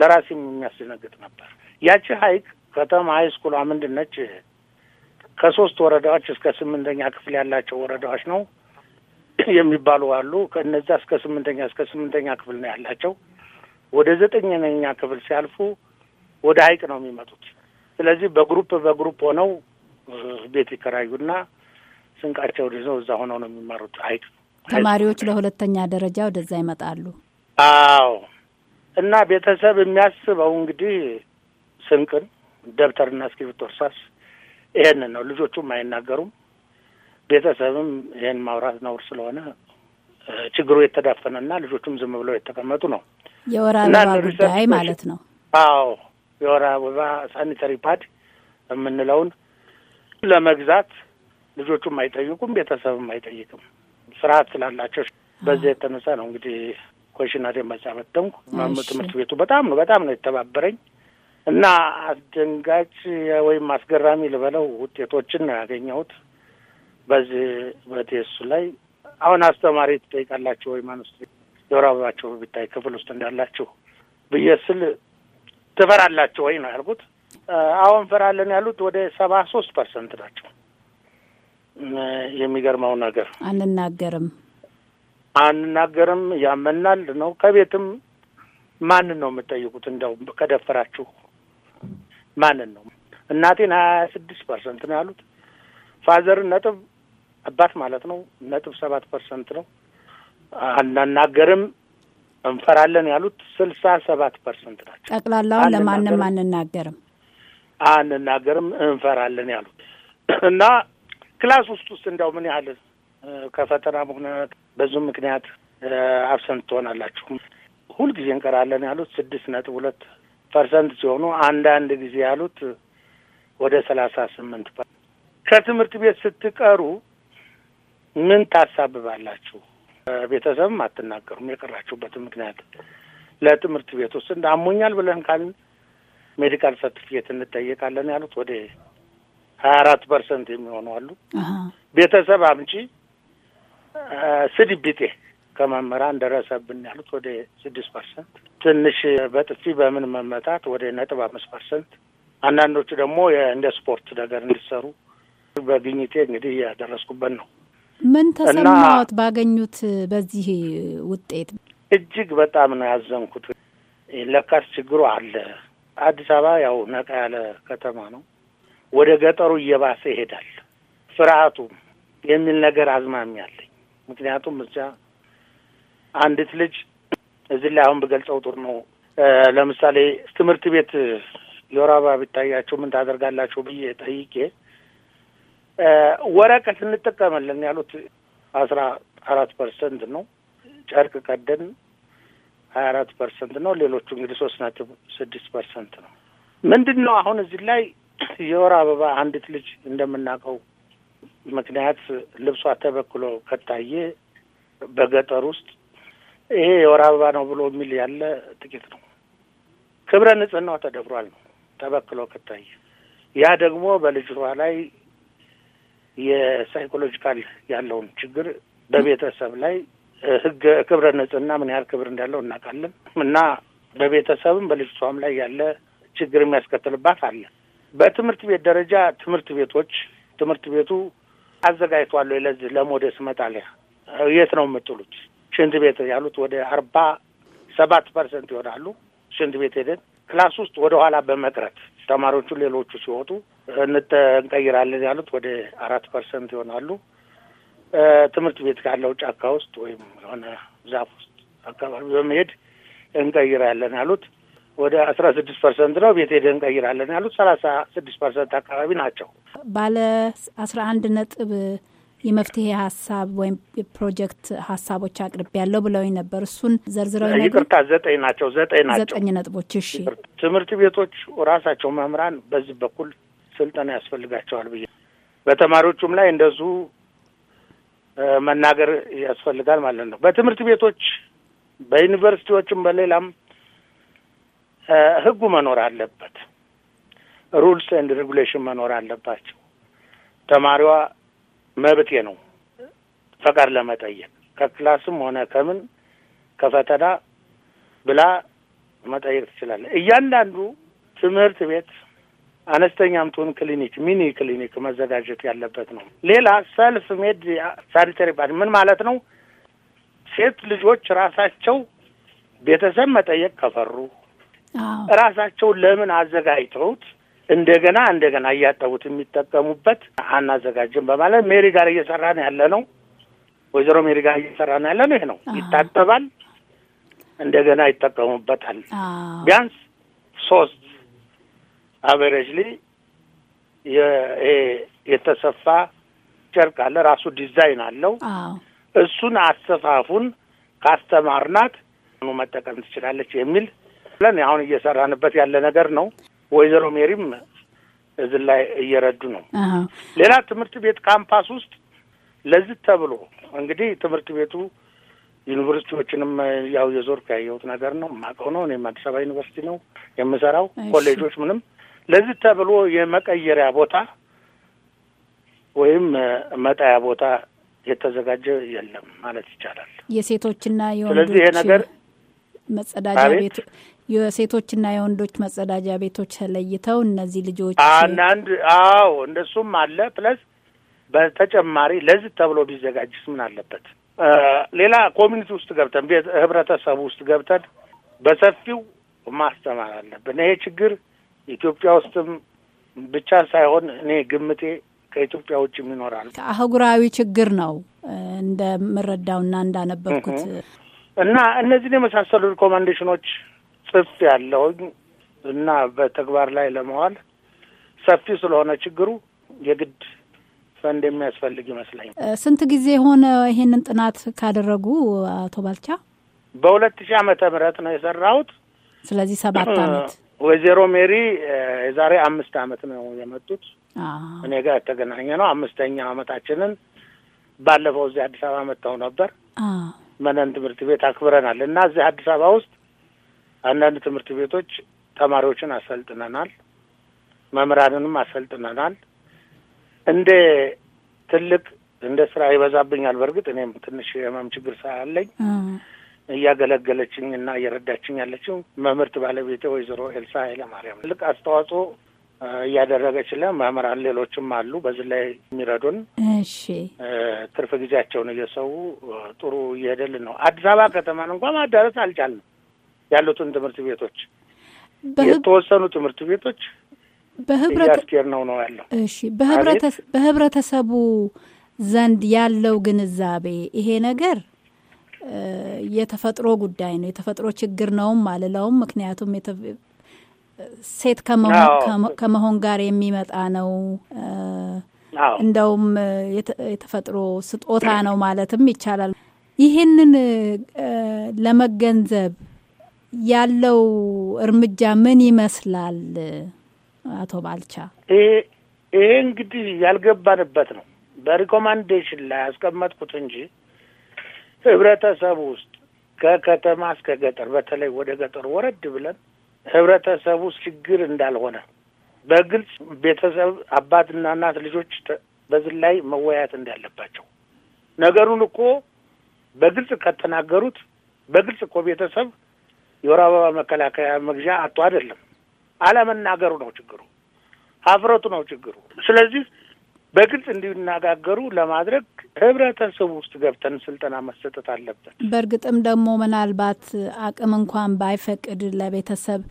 ለራሴም የሚያስደነግጥ ነበር። ያቺ ሀይቅ ከተማ ሀይስኩሏ ምንድን ነች? ከሶስት ወረዳዎች እስከ ስምንተኛ ክፍል ያላቸው ወረዳዎች ነው የሚባሉ አሉ። ከእነዛ እስከ ስምንተኛ እስከ ስምንተኛ ክፍል ነው ያላቸው። ወደ ዘጠኝነኛ ክፍል ሲያልፉ ወደ ሀይቅ ነው የሚመጡት። ስለዚህ በግሩፕ በግሩፕ ሆነው ቤት ይከራዩና ስንቃቸው ይዘው እዛ ሆነው ነው የሚማሩት። ሀይቅ ተማሪዎች ለሁለተኛ ደረጃ ወደዛ ይመጣሉ። አዎ። እና ቤተሰብ የሚያስበው እንግዲህ ስንቅን፣ ደብተርና እስክሪብቶ፣ እርሳስ ይሄንን ነው። ልጆቹም አይናገሩም። ቤተሰብም ይሄን ማውራት ነውር ስለሆነ ችግሩ የተዳፈነ ና ልጆቹም ዝም ብለው የተቀመጡ ነው። የወር አበባ ጉዳይ ማለት ነው። አዎ የወር አበባ ሳኒተሪ ፓድ የምንለውን ለመግዛት ልጆቹም አይጠይቁም፣ ቤተሰብም አይጠይቅም። ስርዓት ስላላቸው በዚያ የተነሳ ነው እንግዲህ ኮሽነር የመጻመጠንኩ ማሙ ትምህርት ቤቱ በጣም ነው በጣም ነው የተባበረኝ እና አስደንጋጭ ወይም አስገራሚ ልበለው ውጤቶችን ነው ያገኘሁት። በዚህ በቴሱ ላይ አሁን አስተማሪ ትጠይቃላችሁ ወይም አንስ የወር አበባችሁ ቢታይ ክፍል ውስጥ እንዳላችሁ ብዬ ስል ትፈራላችሁ ወይ ነው ያልኩት። አሁን ፈራለን ያሉት ወደ ሰባ ሶስት ፐርሰንት ናቸው። የሚገርመው ነገር አንናገርም አንናገርም ያመናል ነው። ከቤትም ማንን ነው የምጠይቁት እንደው ከደፈራችሁ ማንን ነው? እናቴን ሀያ ስድስት ፐርሰንት ነው ያሉት። ፋዘር ነጥብ አባት ማለት ነው ነጥብ ሰባት ፐርሰንት ነው። አናናገርም እንፈራለን ያሉት ስልሳ ሰባት ፐርሰንት ናቸው። ጠቅላላውን ለማንም አንናገርም አንናገርም እንፈራለን ያሉት እና ክላስ ውስጥ ውስጥ እንዲያው ምን ያህል ከፈተና ምክንያት በዙም ምክንያት አብሰንት ትሆናላችሁ ሁልጊዜ እንቀራለን ያሉት ስድስት ነጥብ ሁለት ፐርሰንት ሲሆኑ አንዳንድ ጊዜ ያሉት ወደ ሰላሳ ስምንት ከትምህርት ቤት ስትቀሩ ምን ታሳብባላችሁ? ቤተሰብም አትናገሩም። የቀራችሁበትን ምክንያት ለትምህርት ቤት ውስጥ አሞኛል ብለን ካልን ሜዲካል ሰርቲፊኬት እንጠየቃለን ያሉት ወደ ሀያ አራት ፐርሰንት የሚሆኑ አሉ። ቤተሰብ አምጪ ስድብ ከመምህራን ደረሰብን ያሉት ወደ ስድስት ፐርሰንት፣ ትንሽ በጥፊ በምን መመታት ወደ ነጥብ አምስት ፐርሰንት፣ አንዳንዶቹ ደግሞ እንደ ስፖርት ነገር እንዲሰሩ በግኝቴ እንግዲህ እያደረስኩበት ነው። ምን ተሰማዎት ባገኙት በዚህ ውጤት? እጅግ በጣም ነው ያዘንኩት። ለካስ ችግሩ አለ። አዲስ አበባ ያው ነቃ ያለ ከተማ ነው። ወደ ገጠሩ እየባሰ ይሄዳል ፍርሃቱ የሚል ነገር አዝማሚ አለኝ። ምክንያቱም እዛ አንዲት ልጅ እዚህ ላይ አሁን ብገልጸው ጥሩ ነው። ለምሳሌ ትምህርት ቤት የወር አበባ ቢታያችሁ ምን ታደርጋላችሁ ብዬ ጠይቄ ወረቀት እንጠቀማለን ያሉት አስራ አራት ፐርሰንት ነው። ጨርቅ ቀደን ሀያ አራት ፐርሰንት ነው። ሌሎቹ እንግዲህ ሶስት ነጥብ ስድስት ፐርሰንት ነው። ምንድን ነው አሁን እዚህ ላይ የወር አበባ አንዲት ልጅ እንደምናውቀው ምክንያት ልብሷ ተበክሎ ከታየ በገጠር ውስጥ ይሄ የወር አበባ ነው ብሎ የሚል ያለ ጥቂት ነው። ክብረ ንጽህናዋ ተደፍሯል ነው ተበክሎ ከታየ ያ ደግሞ በልጅቷ ላይ የሳይኮሎጂካል ያለውን ችግር በቤተሰብ ላይ ህገ ክብረ ንጽህና ምን ያህል ክብር እንዳለው እናውቃለን። እና በቤተሰብም በልጅቷም ላይ ያለ ችግር የሚያስከትልባት አለ። በትምህርት ቤት ደረጃ ትምህርት ቤቶች ትምህርት ቤቱ አዘጋጅቷለሁ ለዚህ ለሞዴስ መጣሊያ የት ነው የምጥሉት? ሽንት ቤት ያሉት ወደ አርባ ሰባት ፐርሰንት ይሆናሉ። ሽንት ቤት ሄደን ክላስ ውስጥ ወደ ኋላ በመቅረት ተማሪዎቹ ሌሎቹ ሲወጡ እንቀይራለን ያሉት ወደ አራት ፐርሰንት ይሆናሉ። ትምህርት ቤት ካለው ጫካ ውስጥ ወይም የሆነ ዛፍ ውስጥ አካባቢ በመሄድ እንቀይራለን ያሉት ወደ አስራ ስድስት ፐርሰንት ነው ቤት ሄደን እንቀይራለን ያሉት ሰላሳ ስድስት ፐርሰንት አካባቢ ናቸው። ባለ አስራ አንድ ነጥብ የመፍትሄ ሀሳብ ወይም የፕሮጀክት ሀሳቦች አቅርቤ ያለው ብለውኝ ነበር። እሱን ዘርዝረው ይቅርታ፣ ዘጠኝ ናቸው ዘጠኝ ናቸው ዘጠኝ ነጥቦች። እሺ፣ ትምህርት ቤቶች ራሳቸው መምህራን በዚህ በኩል ስልጠና ያስፈልጋቸዋል ብዬ በተማሪዎቹም ላይ እንደዙ መናገር ያስፈልጋል ማለት ነው። በትምህርት ቤቶች በዩኒቨርሲቲዎችም በሌላም ህጉ መኖር አለበት። ሩልስ ኤንድ ሬጉሌሽን መኖር አለባቸው። ተማሪዋ መብቴ ነው ፈቃድ ለመጠየቅ ከክላስም ሆነ ከምን ከፈተና ብላ መጠየቅ ትችላለ እያንዳንዱ ትምህርት ቤት አነስተኛም ትሁን ክሊኒክ፣ ሚኒ ክሊኒክ መዘጋጀት ያለበት ነው። ሌላ ሰልፍ ሜድ ሳኒተሪ ፓድ ምን ማለት ነው? ሴት ልጆች ራሳቸው ቤተሰብ መጠየቅ ከፈሩ እራሳቸው ለምን አዘጋጅተውት እንደገና እንደገና እያጠቡት የሚጠቀሙበት አናዘጋጅም በማለት ሜሪ ጋር እየሰራ ነው ያለ ነው። ወይዘሮ ሜሪ ጋር እየሰራ ነው ያለ ነው። ይሄ ነው ይታጠባል፣ እንደገና ይጠቀሙበታል። ቢያንስ ሶስት አቨሬጅሊ የተሰፋ ጨርቅ አለ። ራሱ ዲዛይን አለው። እሱን አሰፋፉን ካስተማርናት መጠቀም ትችላለች የሚል ብለን አሁን እየሰራንበት ያለ ነገር ነው። ወይዘሮ ሜሪም እዚህ ላይ እየረዱ ነው። ሌላ ትምህርት ቤት ካምፓስ ውስጥ ለዚህ ተብሎ እንግዲህ ትምህርት ቤቱ ዩኒቨርሲቲዎችንም ያው የዞርኩ ያየሁት ነገር ነው የማውቀው ነው። እኔም አዲስ አበባ ዩኒቨርሲቲ ነው የምሰራው። ኮሌጆች ምንም ለዚህ ተብሎ የመቀየሪያ ቦታ ወይም መጣያ ቦታ የተዘጋጀ የለም ማለት ይቻላል። የሴቶችና የወንዶች ስለዚህ ይሄ ነገር መጸዳጃ ቤት የሴቶችና የወንዶች መጸዳጃ ቤቶች ተለይተው እነዚህ ልጆች አንዳንድ አዎ እንደሱም አለ። ፕለስ በተጨማሪ ለዚህ ተብሎ ቢዘጋጅስ ምን አለበት? ሌላ ኮሚኒቲ ውስጥ ገብተን ህብረተሰቡ ውስጥ ገብተን በሰፊው ማስተማር አለብን። ይሄ ችግር ኢትዮጵያ ውስጥም ብቻ ሳይሆን እኔ ግምቴ ከኢትዮጵያ ውጭ ይኖራል። አህጉራዊ ችግር ነው እንደምረዳውና እንዳነበብኩት እና እነዚህን የመሳሰሉ ሪኮማንዴሽኖች ጽፍ ያለውኝ እና በተግባር ላይ ለመዋል ሰፊ ስለሆነ ችግሩ የግድ ፈንድ የሚያስፈልግ ይመስለኝ። ስንት ጊዜ ሆነ ይሄንን ጥናት ካደረጉ አቶ ባልቻ? በሁለት ሺህ ዓመተ ምህረት ነው የሰራሁት። ስለዚህ ሰባት አመት። ወይዘሮ ሜሪ የዛሬ አምስት አመት ነው የመጡት እኔ ጋር የተገናኘ ነው። አምስተኛ አመታችንን ባለፈው እዚህ አዲስ አበባ መጥተው ነበር መነን ትምህርት ቤት አክብረናል እና እዚህ አዲስ አበባ ውስጥ አንዳንድ ትምህርት ቤቶች ተማሪዎችን አሰልጥነናል፣ መምህራንንም አሰልጥነናል። እንደ ትልቅ እንደ ስራ ይበዛብኛል። በእርግጥ እኔም ትንሽ የህመም ችግር ሳያለኝ እያገለገለችኝ እና እየረዳችኝ ያለችው መምህርት ባለቤቴ ወይዘሮ ኤልሳ ኃይለ ማርያም ትልቅ አስተዋጽኦ እያደረገች ለ መምህራን ሌሎችም አሉ በዚህ ላይ የሚረዱን። እሺ ትርፍ ጊዜያቸውን እየሰዉ ጥሩ እየሄደልን ነው። አዲስ አበባ ከተማን እንኳን ማዳረስ አልቻልንም። ያሉትን ትምህርት ቤቶች የተወሰኑ ትምህርት ቤቶች እያስኬር ነው ነው ያለው። እሺ በህብረተሰቡ ዘንድ ያለው ግንዛቤ ይሄ ነገር የተፈጥሮ ጉዳይ ነው የተፈጥሮ ችግር ነውም አልለውም። ምክንያቱም ሴት ከመሆን ጋር የሚመጣ ነው። እንደውም የተፈጥሮ ስጦታ ነው ማለትም ይቻላል። ይህንን ለመገንዘብ ያለው እርምጃ ምን ይመስላል አቶ ባልቻ? ይሄ እንግዲህ ያልገባንበት ነው። በሪኮማንዴሽን ላይ ያስቀመጥኩት እንጂ ህብረተሰቡ ውስጥ ከከተማ እስከ ገጠር በተለይ ወደ ገጠር ወረድ ብለን ህብረተሰቡ ችግር እንዳልሆነ በግልጽ ቤተሰብ አባትና እናት ልጆች በዚህ ላይ መወያየት እንዳለባቸው ነገሩን እኮ በግልጽ ከተናገሩት በግልጽ እኮ ቤተሰብ የወር አበባ መከላከያ መግዣ አቶ አይደለም አለመናገሩ ነው ችግሩ፣ ሀፍረቱ ነው ችግሩ። ስለዚህ በግልጽ እንዲናጋገሩ ለማድረግ ህብረተሰቡ ውስጥ ገብተን ስልጠና መሰጠት አለብን። በእርግጥም ደግሞ ምናልባት አቅም እንኳን ባይፈቅድ ለቤተሰብ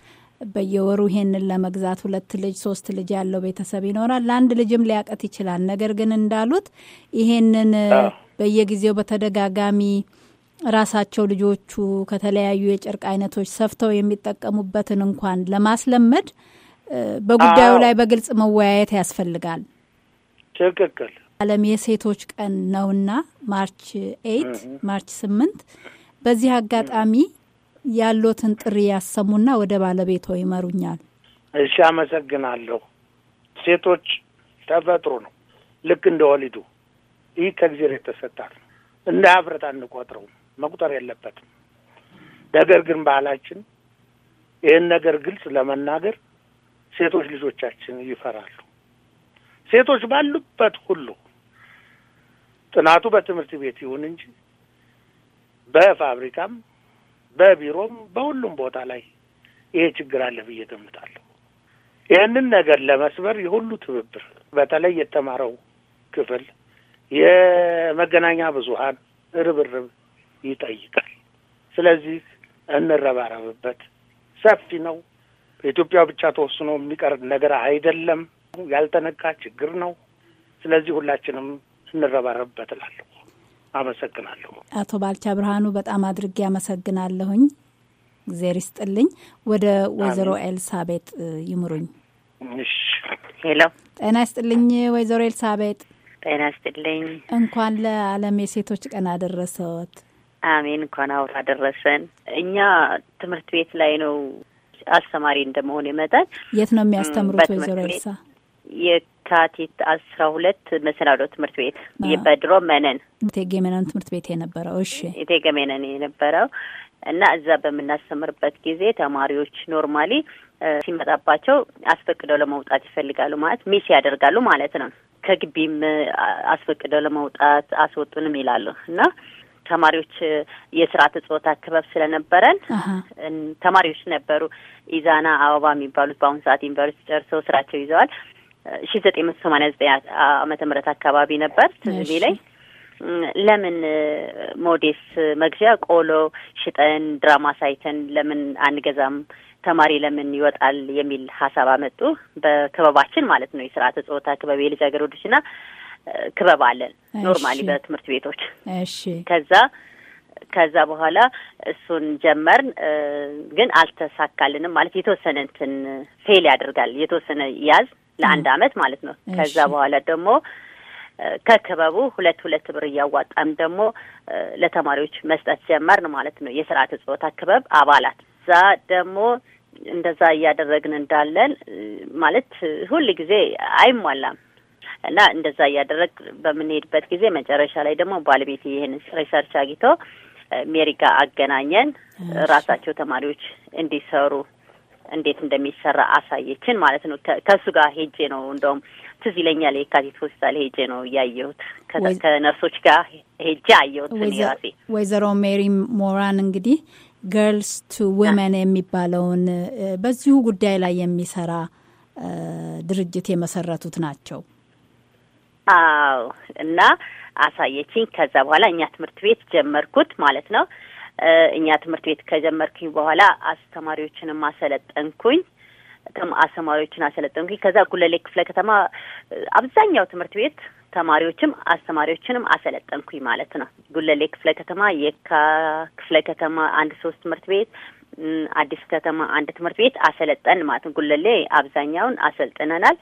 በየወሩ ይሄንን ለመግዛት ሁለት ልጅ ሶስት ልጅ ያለው ቤተሰብ ይኖራል። ለአንድ ልጅም ሊያቀት ይችላል። ነገር ግን እንዳሉት ይሄንን በየጊዜው በተደጋጋሚ ራሳቸው ልጆቹ ከተለያዩ የጨርቅ አይነቶች ሰፍተው የሚጠቀሙበትን እንኳን ለማስለመድ በጉዳዩ ላይ በግልጽ መወያየት ያስፈልጋል። ትክክል። ዓለም የሴቶች ቀን ነውና ማርች ኤይት ማርች ስምንት በዚህ አጋጣሚ ያሎትን ጥሪ ያሰሙና ወደ ባለቤቶ ይመሩኛል። እሺ፣ አመሰግናለሁ። ሴቶች ተፈጥሮ ነው ልክ እንደ ወሊዱ ይህ ከእግዚአብሔር የተሰጣት ነው። እንደ አፍረት አንቆጥረውም። መቁጠር የለበትም። ነገር ግን ባህላችን ይህን ነገር ግልጽ ለመናገር ሴቶች ልጆቻችን ይፈራሉ። ሴቶች ባሉበት ሁሉ ጥናቱ በትምህርት ቤት ይሁን እንጂ በፋብሪካም በቢሮም በሁሉም ቦታ ላይ ይሄ ችግር አለ ብዬ ገምታለሁ። ይህንን ነገር ለመስበር የሁሉ ትብብር በተለይ የተማረው ክፍል የመገናኛ ብዙሃን ርብርብ ይጠይቃል። ስለዚህ እንረባረብበት። ሰፊ ነው። በኢትዮጵያ ብቻ ተወስኖ የሚቀር ነገር አይደለም። ያልተነካ ችግር ነው። ስለዚህ ሁላችንም እንረባረብበት እላለሁ። አመሰግናለሁ። አቶ ባልቻ ብርሃኑ በጣም አድርጌ አመሰግናለሁኝ። እግዜር ይስጥልኝ። ወደ ወይዘሮ ኤልሳቤጥ ይምሩኝ። ሄሎ፣ ጤና ይስጥልኝ ወይዘሮ ኤልሳቤጥ። ጤና ይስጥልኝ። እንኳን ለዓለም የሴቶች ቀን አደረሰዎት። አሜን። እንኳን አውራ አደረሰን። እኛ ትምህርት ቤት ላይ ነው አስተማሪ እንደመሆን የመጠን የት ነው የሚያስተምሩት ወይዘሮ ኤልሳ? የካቲት አስራ ሁለት መሰናዶ ትምህርት ቤት በድሮ መነን እቴጌ መነን ትምህርት ቤት የነበረው እሺ፣ እቴጌ መነን የነበረው እና እዛ በምናስተምርበት ጊዜ ተማሪዎች ኖርማሊ ሲመጣባቸው አስፈቅደው ለመውጣት ይፈልጋሉ፣ ማለት ሚስ ያደርጋሉ ማለት ነው። ከግቢም አስፈቅደው ለመውጣት አስወጡንም ይላሉ እና ተማሪዎች የስርዓተ ጾታ ክበብ ስለነበረን ተማሪዎች ነበሩ። ኢዛና አበባ የሚባሉት በአሁኑ ሰዓት ዩኒቨርሲቲ ጨርሰው ስራቸው ይዘዋል። ሺ ዘጠኝ መቶ ሰማኒያ ዘጠኝ አመተ ምህረት አካባቢ ነበር ትዝቢ ላይ ለምን ሞዴስ መግዣ ቆሎ ሽጠን ድራማ ሳይተን ለምን አንገዛም ተማሪ ለምን ይወጣል የሚል ሀሳብ አመጡ። በክበባችን ማለት ነው የስርዓተ ጾታ ክበብ የልጃገረዶችና ክበብ አለን ኖርማሊ በትምህርት ቤቶች። እሺ ከዛ ከዛ በኋላ እሱን ጀመርን፣ ግን አልተሳካልንም። ማለት የተወሰነ እንትን ፌል ያደርጋል የተወሰነ ያዝ ለአንድ አመት ማለት ነው። ከዛ በኋላ ደግሞ ከክበቡ ሁለት ሁለት ብር እያዋጣም ደግሞ ለተማሪዎች መስጠት ጀመርን ማለት ነው። የስርዓተ ጾታ ክበብ አባላት እዛ ደግሞ እንደዛ እያደረግን እንዳለን ማለት ሁል ጊዜ አይሟላም እና እንደዛ እያደረግ በምንሄድበት ጊዜ መጨረሻ ላይ ደግሞ ባለቤት ይህን ሪሰርች አግኝቶ ሜሪ ጋር አገናኘን። ራሳቸው ተማሪዎች እንዲሰሩ እንዴት እንደሚሰራ አሳየችን ማለት ነው። ከእሱ ጋር ሄጄ ነው እንደውም ትዝ ይለኛል የካቲት ሆስፒታል ሄጄ ነው እያየሁት ከነርሶች ጋር ሄጄ አየሁት ራሴ። ወይዘሮ ሜሪ ሞራን እንግዲህ ገርልስ ቱ ውመን የሚባለውን በዚሁ ጉዳይ ላይ የሚሰራ ድርጅት የመሰረቱት ናቸው። አዎ። እና አሳየችኝ። ከዛ በኋላ እኛ ትምህርት ቤት ጀመርኩት ማለት ነው። እኛ ትምህርት ቤት ከጀመርኩኝ በኋላ አስተማሪዎችንም አሰለጠንኩኝ። አስተማሪዎችን አሰለጠንኩኝ። ከዛ ጉለሌ ክፍለ ከተማ አብዛኛው ትምህርት ቤት ተማሪዎችም አስተማሪዎችንም አሰለጠንኩኝ ማለት ነው። ጉለሌ ክፍለ ከተማ፣ የካ ክፍለ ከተማ አንድ ሶስት ትምህርት ቤት፣ አዲስ ከተማ አንድ ትምህርት ቤት አሰለጠን ማለት ነው። ጉለሌ አብዛኛውን አሰልጥነናል።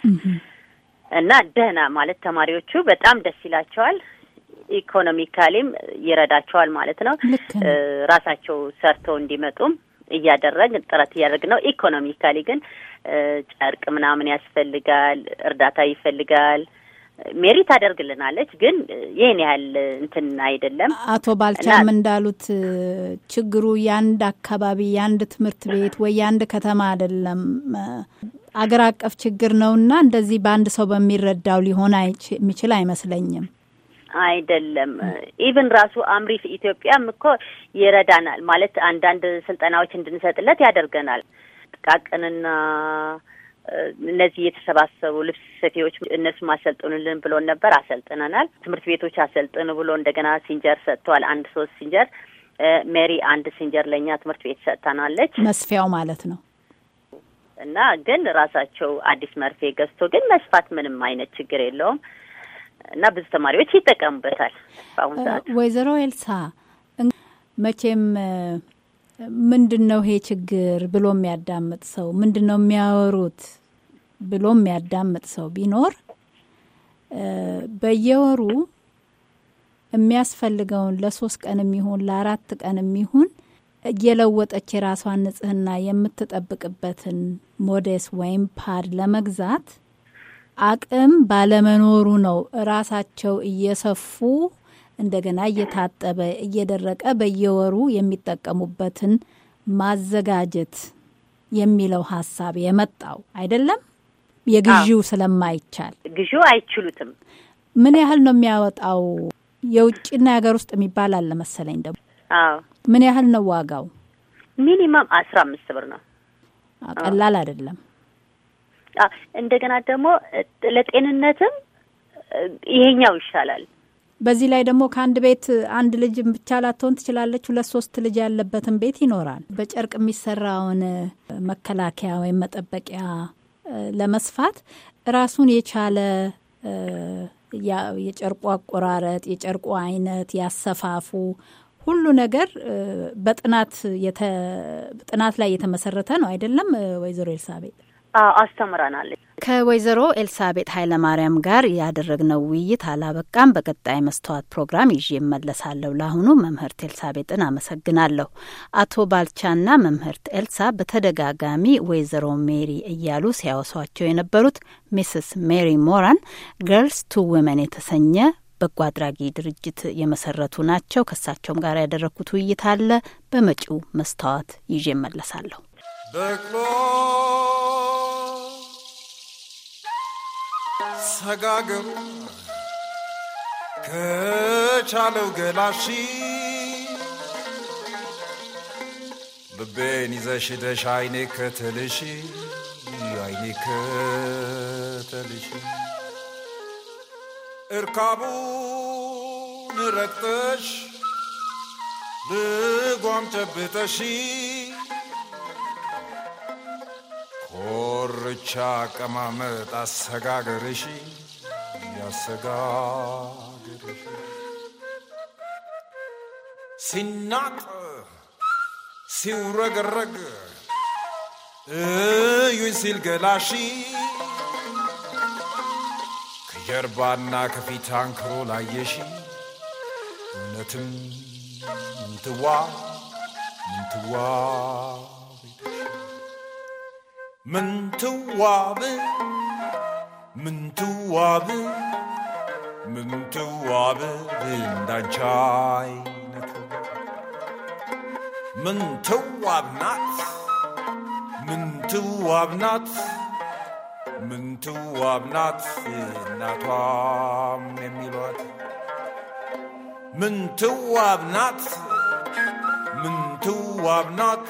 እና ደህና ማለት ተማሪዎቹ በጣም ደስ ይላቸዋል። ኢኮኖሚካሊም ይረዳቸዋል ማለት ነው። ራሳቸው ሰርተው እንዲመጡም እያደረግ ጥረት እያደረግ ነው። ኢኮኖሚካሊ ግን ጨርቅ ምናምን ያስፈልጋል፣ እርዳታ ይፈልጋል። ሜሪት አደርግልናለች ግን ይህን ያህል እንትን አይደለም። አቶ ባልቻም እንዳሉት ችግሩ የአንድ አካባቢ የአንድ ትምህርት ቤት ወይ የአንድ ከተማ አይደለም አገር አቀፍ ችግር ነውና እንደዚህ በአንድ ሰው በሚረዳው ሊሆን የሚችል አይመስለኝም። አይደለም ኢቭን ራሱ አምሪፍ ኢትዮጵያም እኮ ይረዳናል ማለት አንዳንድ ስልጠናዎች እንድንሰጥለት ያደርገናል ጥቃቅንና እነዚህ የተሰባሰቡ ልብስ ሰፊዎች እነሱ አሰልጥኑልን ብሎን ነበር። አሰልጥነናል። ትምህርት ቤቶች አሰልጥኑ ብሎ እንደገና ሲንጀር ሰጥተዋል። አንድ ሶስት ሲንጀር ሜሪ አንድ ሲንጀር ለእኛ ትምህርት ቤት ሰጥተናለች። መስፊያው ማለት ነው እና ግን ራሳቸው አዲስ መርፌ ገዝቶ ግን መስፋት ምንም አይነት ችግር የለውም እና ብዙ ተማሪዎች ይጠቀሙበታል። በአሁኑ ሰዓት ወይዘሮ ኤልሳ መቼም ምንድን ነው ይሄ ችግር ብሎ የሚያዳምጥ ሰው ምንድን ነው የሚያወሩት ብሎ የሚያዳምጥ ሰው ቢኖር በየወሩ የሚያስፈልገውን ለሶስት ቀን የሚሆን ለአራት ቀን የሚሆን እየለወጠች የራሷን ንጽህና የምትጠብቅበትን ሞዴስ ወይም ፓድ ለመግዛት አቅም ባለመኖሩ ነው። እራሳቸው እየሰፉ እንደገና እየታጠበ እየደረቀ በየወሩ የሚጠቀሙበትን ማዘጋጀት የሚለው ሀሳብ የመጣው አይደለም። የግዢው ስለማይቻል ግዢው አይችሉትም። ምን ያህል ነው የሚያወጣው? የውጭና የሀገር ውስጥ የሚባል አለ መሰለኝ። ደግሞ ምን ያህል ነው ዋጋው? ሚኒማም አስራ አምስት ብር ነው። ቀላል አይደለም። እንደገና ደግሞ ለጤንነትም ይሄኛው ይሻላል። በዚህ ላይ ደግሞ ከአንድ ቤት አንድ ልጅ ብቻ ላትሆን ትችላለች። ሁለት ሶስት ልጅ ያለበትን ቤት ይኖራል። በጨርቅ የሚሰራውን መከላከያ ወይም መጠበቂያ ለመስፋት ራሱን የቻለ የጨርቁ አቆራረጥ፣ የጨርቁ አይነት፣ ያሰፋፉ ሁሉ ነገር በጥናት ላይ የተመሰረተ ነው አይደለም ወይዘሮ ኤልሳቤጥ? አስተምረናለች። ከወይዘሮ ኤልሳቤጥ ኃይለማርያም ጋር ያደረግነው ውይይት አላበቃም። በቀጣይ መስተዋት ፕሮግራም ይዤ እመለሳለሁ። ለአሁኑ መምህርት ኤልሳቤጥን አመሰግናለሁ። አቶ ባልቻና መምህርት ኤልሳ በተደጋጋሚ ወይዘሮ ሜሪ እያሉ ሲያወሷቸው የነበሩት ሚስስ ሜሪ ሞራን ገርልስ ቱ ወመን የተሰኘ በጎ አድራጊ ድርጅት የመሰረቱ ናቸው። ከእሳቸውም ጋር ያደረግኩት ውይይት አለ። በመጪው መስተዋት ይዤ እመለሳለሁ። ሰጋግሩ ከቻለው ገላሺ ልቤን ይዘሽ ደሽ አይኔ ከተልሽ አይኔ ከተልሽ እርካቡን ረግጠሽ ልጓም ጨብጠሽ ኮርቻ አቀማመጥ አሰጋገርሽ ያሰጋገርሽ ሲናጥ ሲውረገረግ እዩኝ ሲል ገላሺ ከጀርባና ከፊት አንክሮ ላየሽ እውነትም ምንትዋ ምንትዋ من توابه من توابه من توابه بندن چای نتو من تواب نات من تواب نات من تواب نات نتوام نمیلوات من تواب نات من تواب نات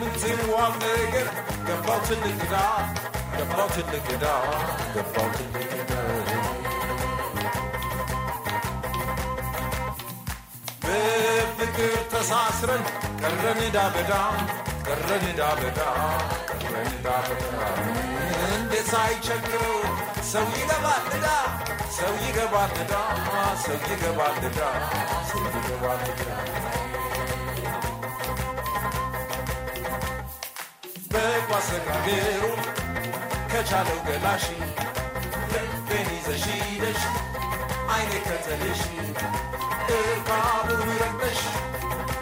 ምን ሲዋም ነገር ገባው ትልቅ ዕዳ ገባው ትልቅ ዕዳ ገባው ትልቅ ዕዳ በፍቅር ተሳስረን ቀረን ዕዳ በዳ ቀረን ዕዳ በዳ ቀረን ዕዳ በዳ እንዴት ሳይቸግረው ሰው ይገባል ዕዳ ሰው ይገባል ዕዳ ሰው ይገባል ዕዳ ሰው ይገባል ዕዳ Pe craverul Căci aleg gălașii Veniză și leși Ai necățăleșii Îl capul răpeși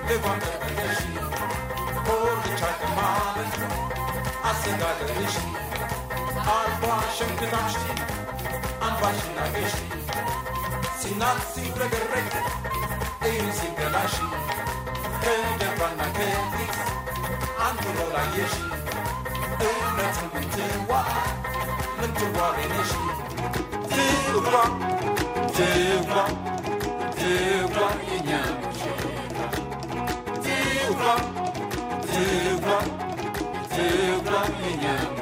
De goantă căleșii Porniceacă mare Asânga găleșii Albașă-mi câtaștii Albașina găștii Sinații vrăgărete Ei nu simt gălașii Când de bani n عن طول العيش ما تخمم توا من توا ليش توا توا توا ينام توا توا توا ينام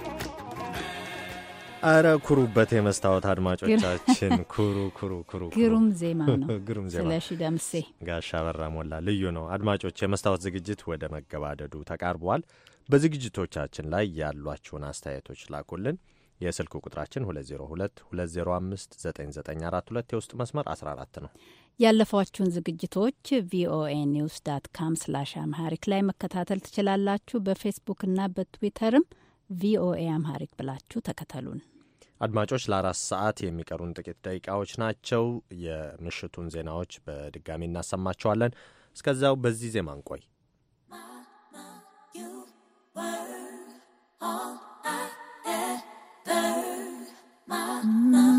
አረ ኩሩበት የመስታወት አድማጮቻችን፣ ኩሩ ኩሩ ኩሩ። ግሩም ዜማ ነው፣ ግሩም ዜማ። ስለሺ ደምሴ፣ ጋሻ በራ ሞላ ልዩ ነው። አድማጮች፣ የመስታወት ዝግጅት ወደ መገባደዱ ተቃርቧል። በዝግጅቶቻችን ላይ ያሏችሁን አስተያየቶች ላኩልን። የስልክ ቁጥራችን 2022059942 የውስጥ መስመር 14 ነው። ያለፏችሁን ዝግጅቶች ቪኦኤ ኒውስ ዳት ካም ስላሽ አምሃሪክ ላይ መከታተል ትችላላችሁ። በፌስቡክና በትዊተርም ቪኦኤ አምሃሪክ ብላችሁ ተከተሉን። አድማጮች ለአራት ሰዓት የሚቀሩን ጥቂት ደቂቃዎች ናቸው። የምሽቱን ዜናዎች በድጋሚ እናሰማቸዋለን። እስከዚያው በዚህ ዜማ እንቆይ። Mama.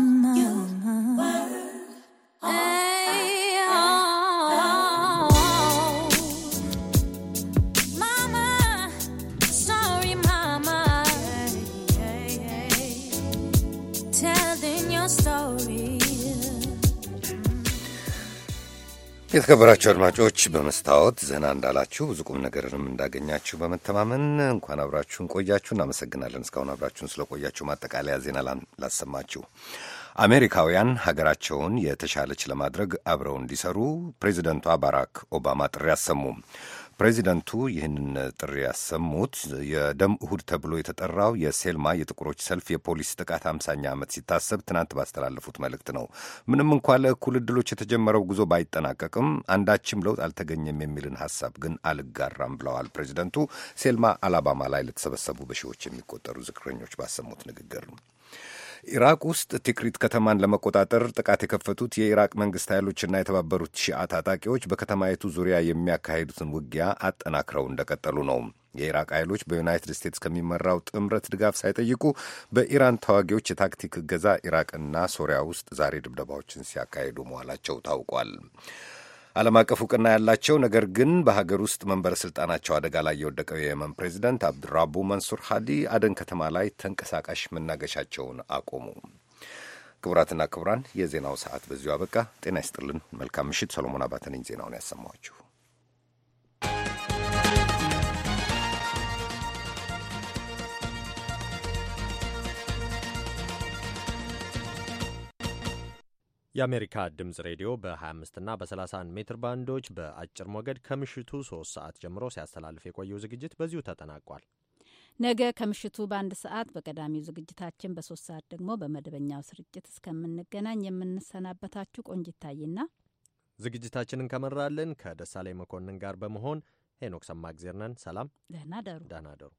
የተከበራችሁ አድማጮች በመስታወት ዘና እንዳላችሁ ብዙ ቁም ነገርንም እንዳገኛችሁ በመተማመን እንኳን አብራችሁን ቆያችሁ። እናመሰግናለን እስካሁን አብራችሁን ስለቆያችሁ። ማጠቃለያ ዜና ላሰማችሁ። አሜሪካውያን ሀገራቸውን የተሻለች ለማድረግ አብረው እንዲሰሩ ፕሬዚደንቷ ባራክ ኦባማ ጥሪ አሰሙ። ፕሬዚደንቱ ይህንን ጥሪ ያሰሙት የደም እሁድ ተብሎ የተጠራው የሴልማ የጥቁሮች ሰልፍ የፖሊስ ጥቃት አምሳኛ ዓመት ሲታሰብ ትናንት ባስተላለፉት መልእክት ነው። ምንም እንኳ ለእኩል ዕድሎች የተጀመረው ጉዞ ባይጠናቀቅም አንዳችም ለውጥ አልተገኘም የሚልን ሀሳብ ግን አልጋራም ብለዋል ፕሬዚደንቱ ሴልማ አላባማ ላይ ለተሰበሰቡ በሺዎች የሚቆጠሩ ዝክረኞች ባሰሙት ንግግር ኢራቅ ውስጥ ቲክሪት ከተማን ለመቆጣጠር ጥቃት የከፈቱት የኢራቅ መንግስት ኃይሎችና የተባበሩት ሺአ ታጣቂዎች በከተማይቱ ዙሪያ የሚያካሂዱትን ውጊያ አጠናክረው እንደቀጠሉ ነው። የኢራቅ ኃይሎች በዩናይትድ ስቴትስ ከሚመራው ጥምረት ድጋፍ ሳይጠይቁ በኢራን ተዋጊዎች የታክቲክ እገዛ ኢራቅና ሶሪያ ውስጥ ዛሬ ድብደባዎችን ሲያካሂዱ መዋላቸው ታውቋል። ዓለም አቀፍ እውቅና ያላቸው ነገር ግን በሀገር ውስጥ መንበረ ሥልጣናቸው አደጋ ላይ የወደቀው የየመን ፕሬዚደንት አብድራቡ መንሱር ሃዲ አደን ከተማ ላይ ተንቀሳቃሽ መናገሻቸውን አቆሙ። ክቡራትና ክቡራን የዜናው ሰዓት በዚሁ አበቃ። ጤና ይስጥልን። መልካም ምሽት። ሰሎሞን አባተ ነኝ ዜናውን ያሰማኋችሁ። የአሜሪካ ድምፅ ሬዲዮ በ25 እና በ31 ሜትር ባንዶች በአጭር ሞገድ ከምሽቱ 3 ሰዓት ጀምሮ ሲያስተላልፍ የቆየው ዝግጅት በዚሁ ተጠናቋል። ነገ ከምሽቱ በአንድ ሰዓት በቀዳሚው ዝግጅታችን፣ በሶስት ሰዓት ደግሞ በመደበኛው ስርጭት እስከምንገናኝ የምንሰናበታችሁ ቆንጅ ታይና ዝግጅታችንን ከመራልን ከደሳላይ መኮንን ጋር በመሆን ሄኖክ ሰማ ነን። ሰላም፣ ደህና ደሩ። ደህና ደሩ።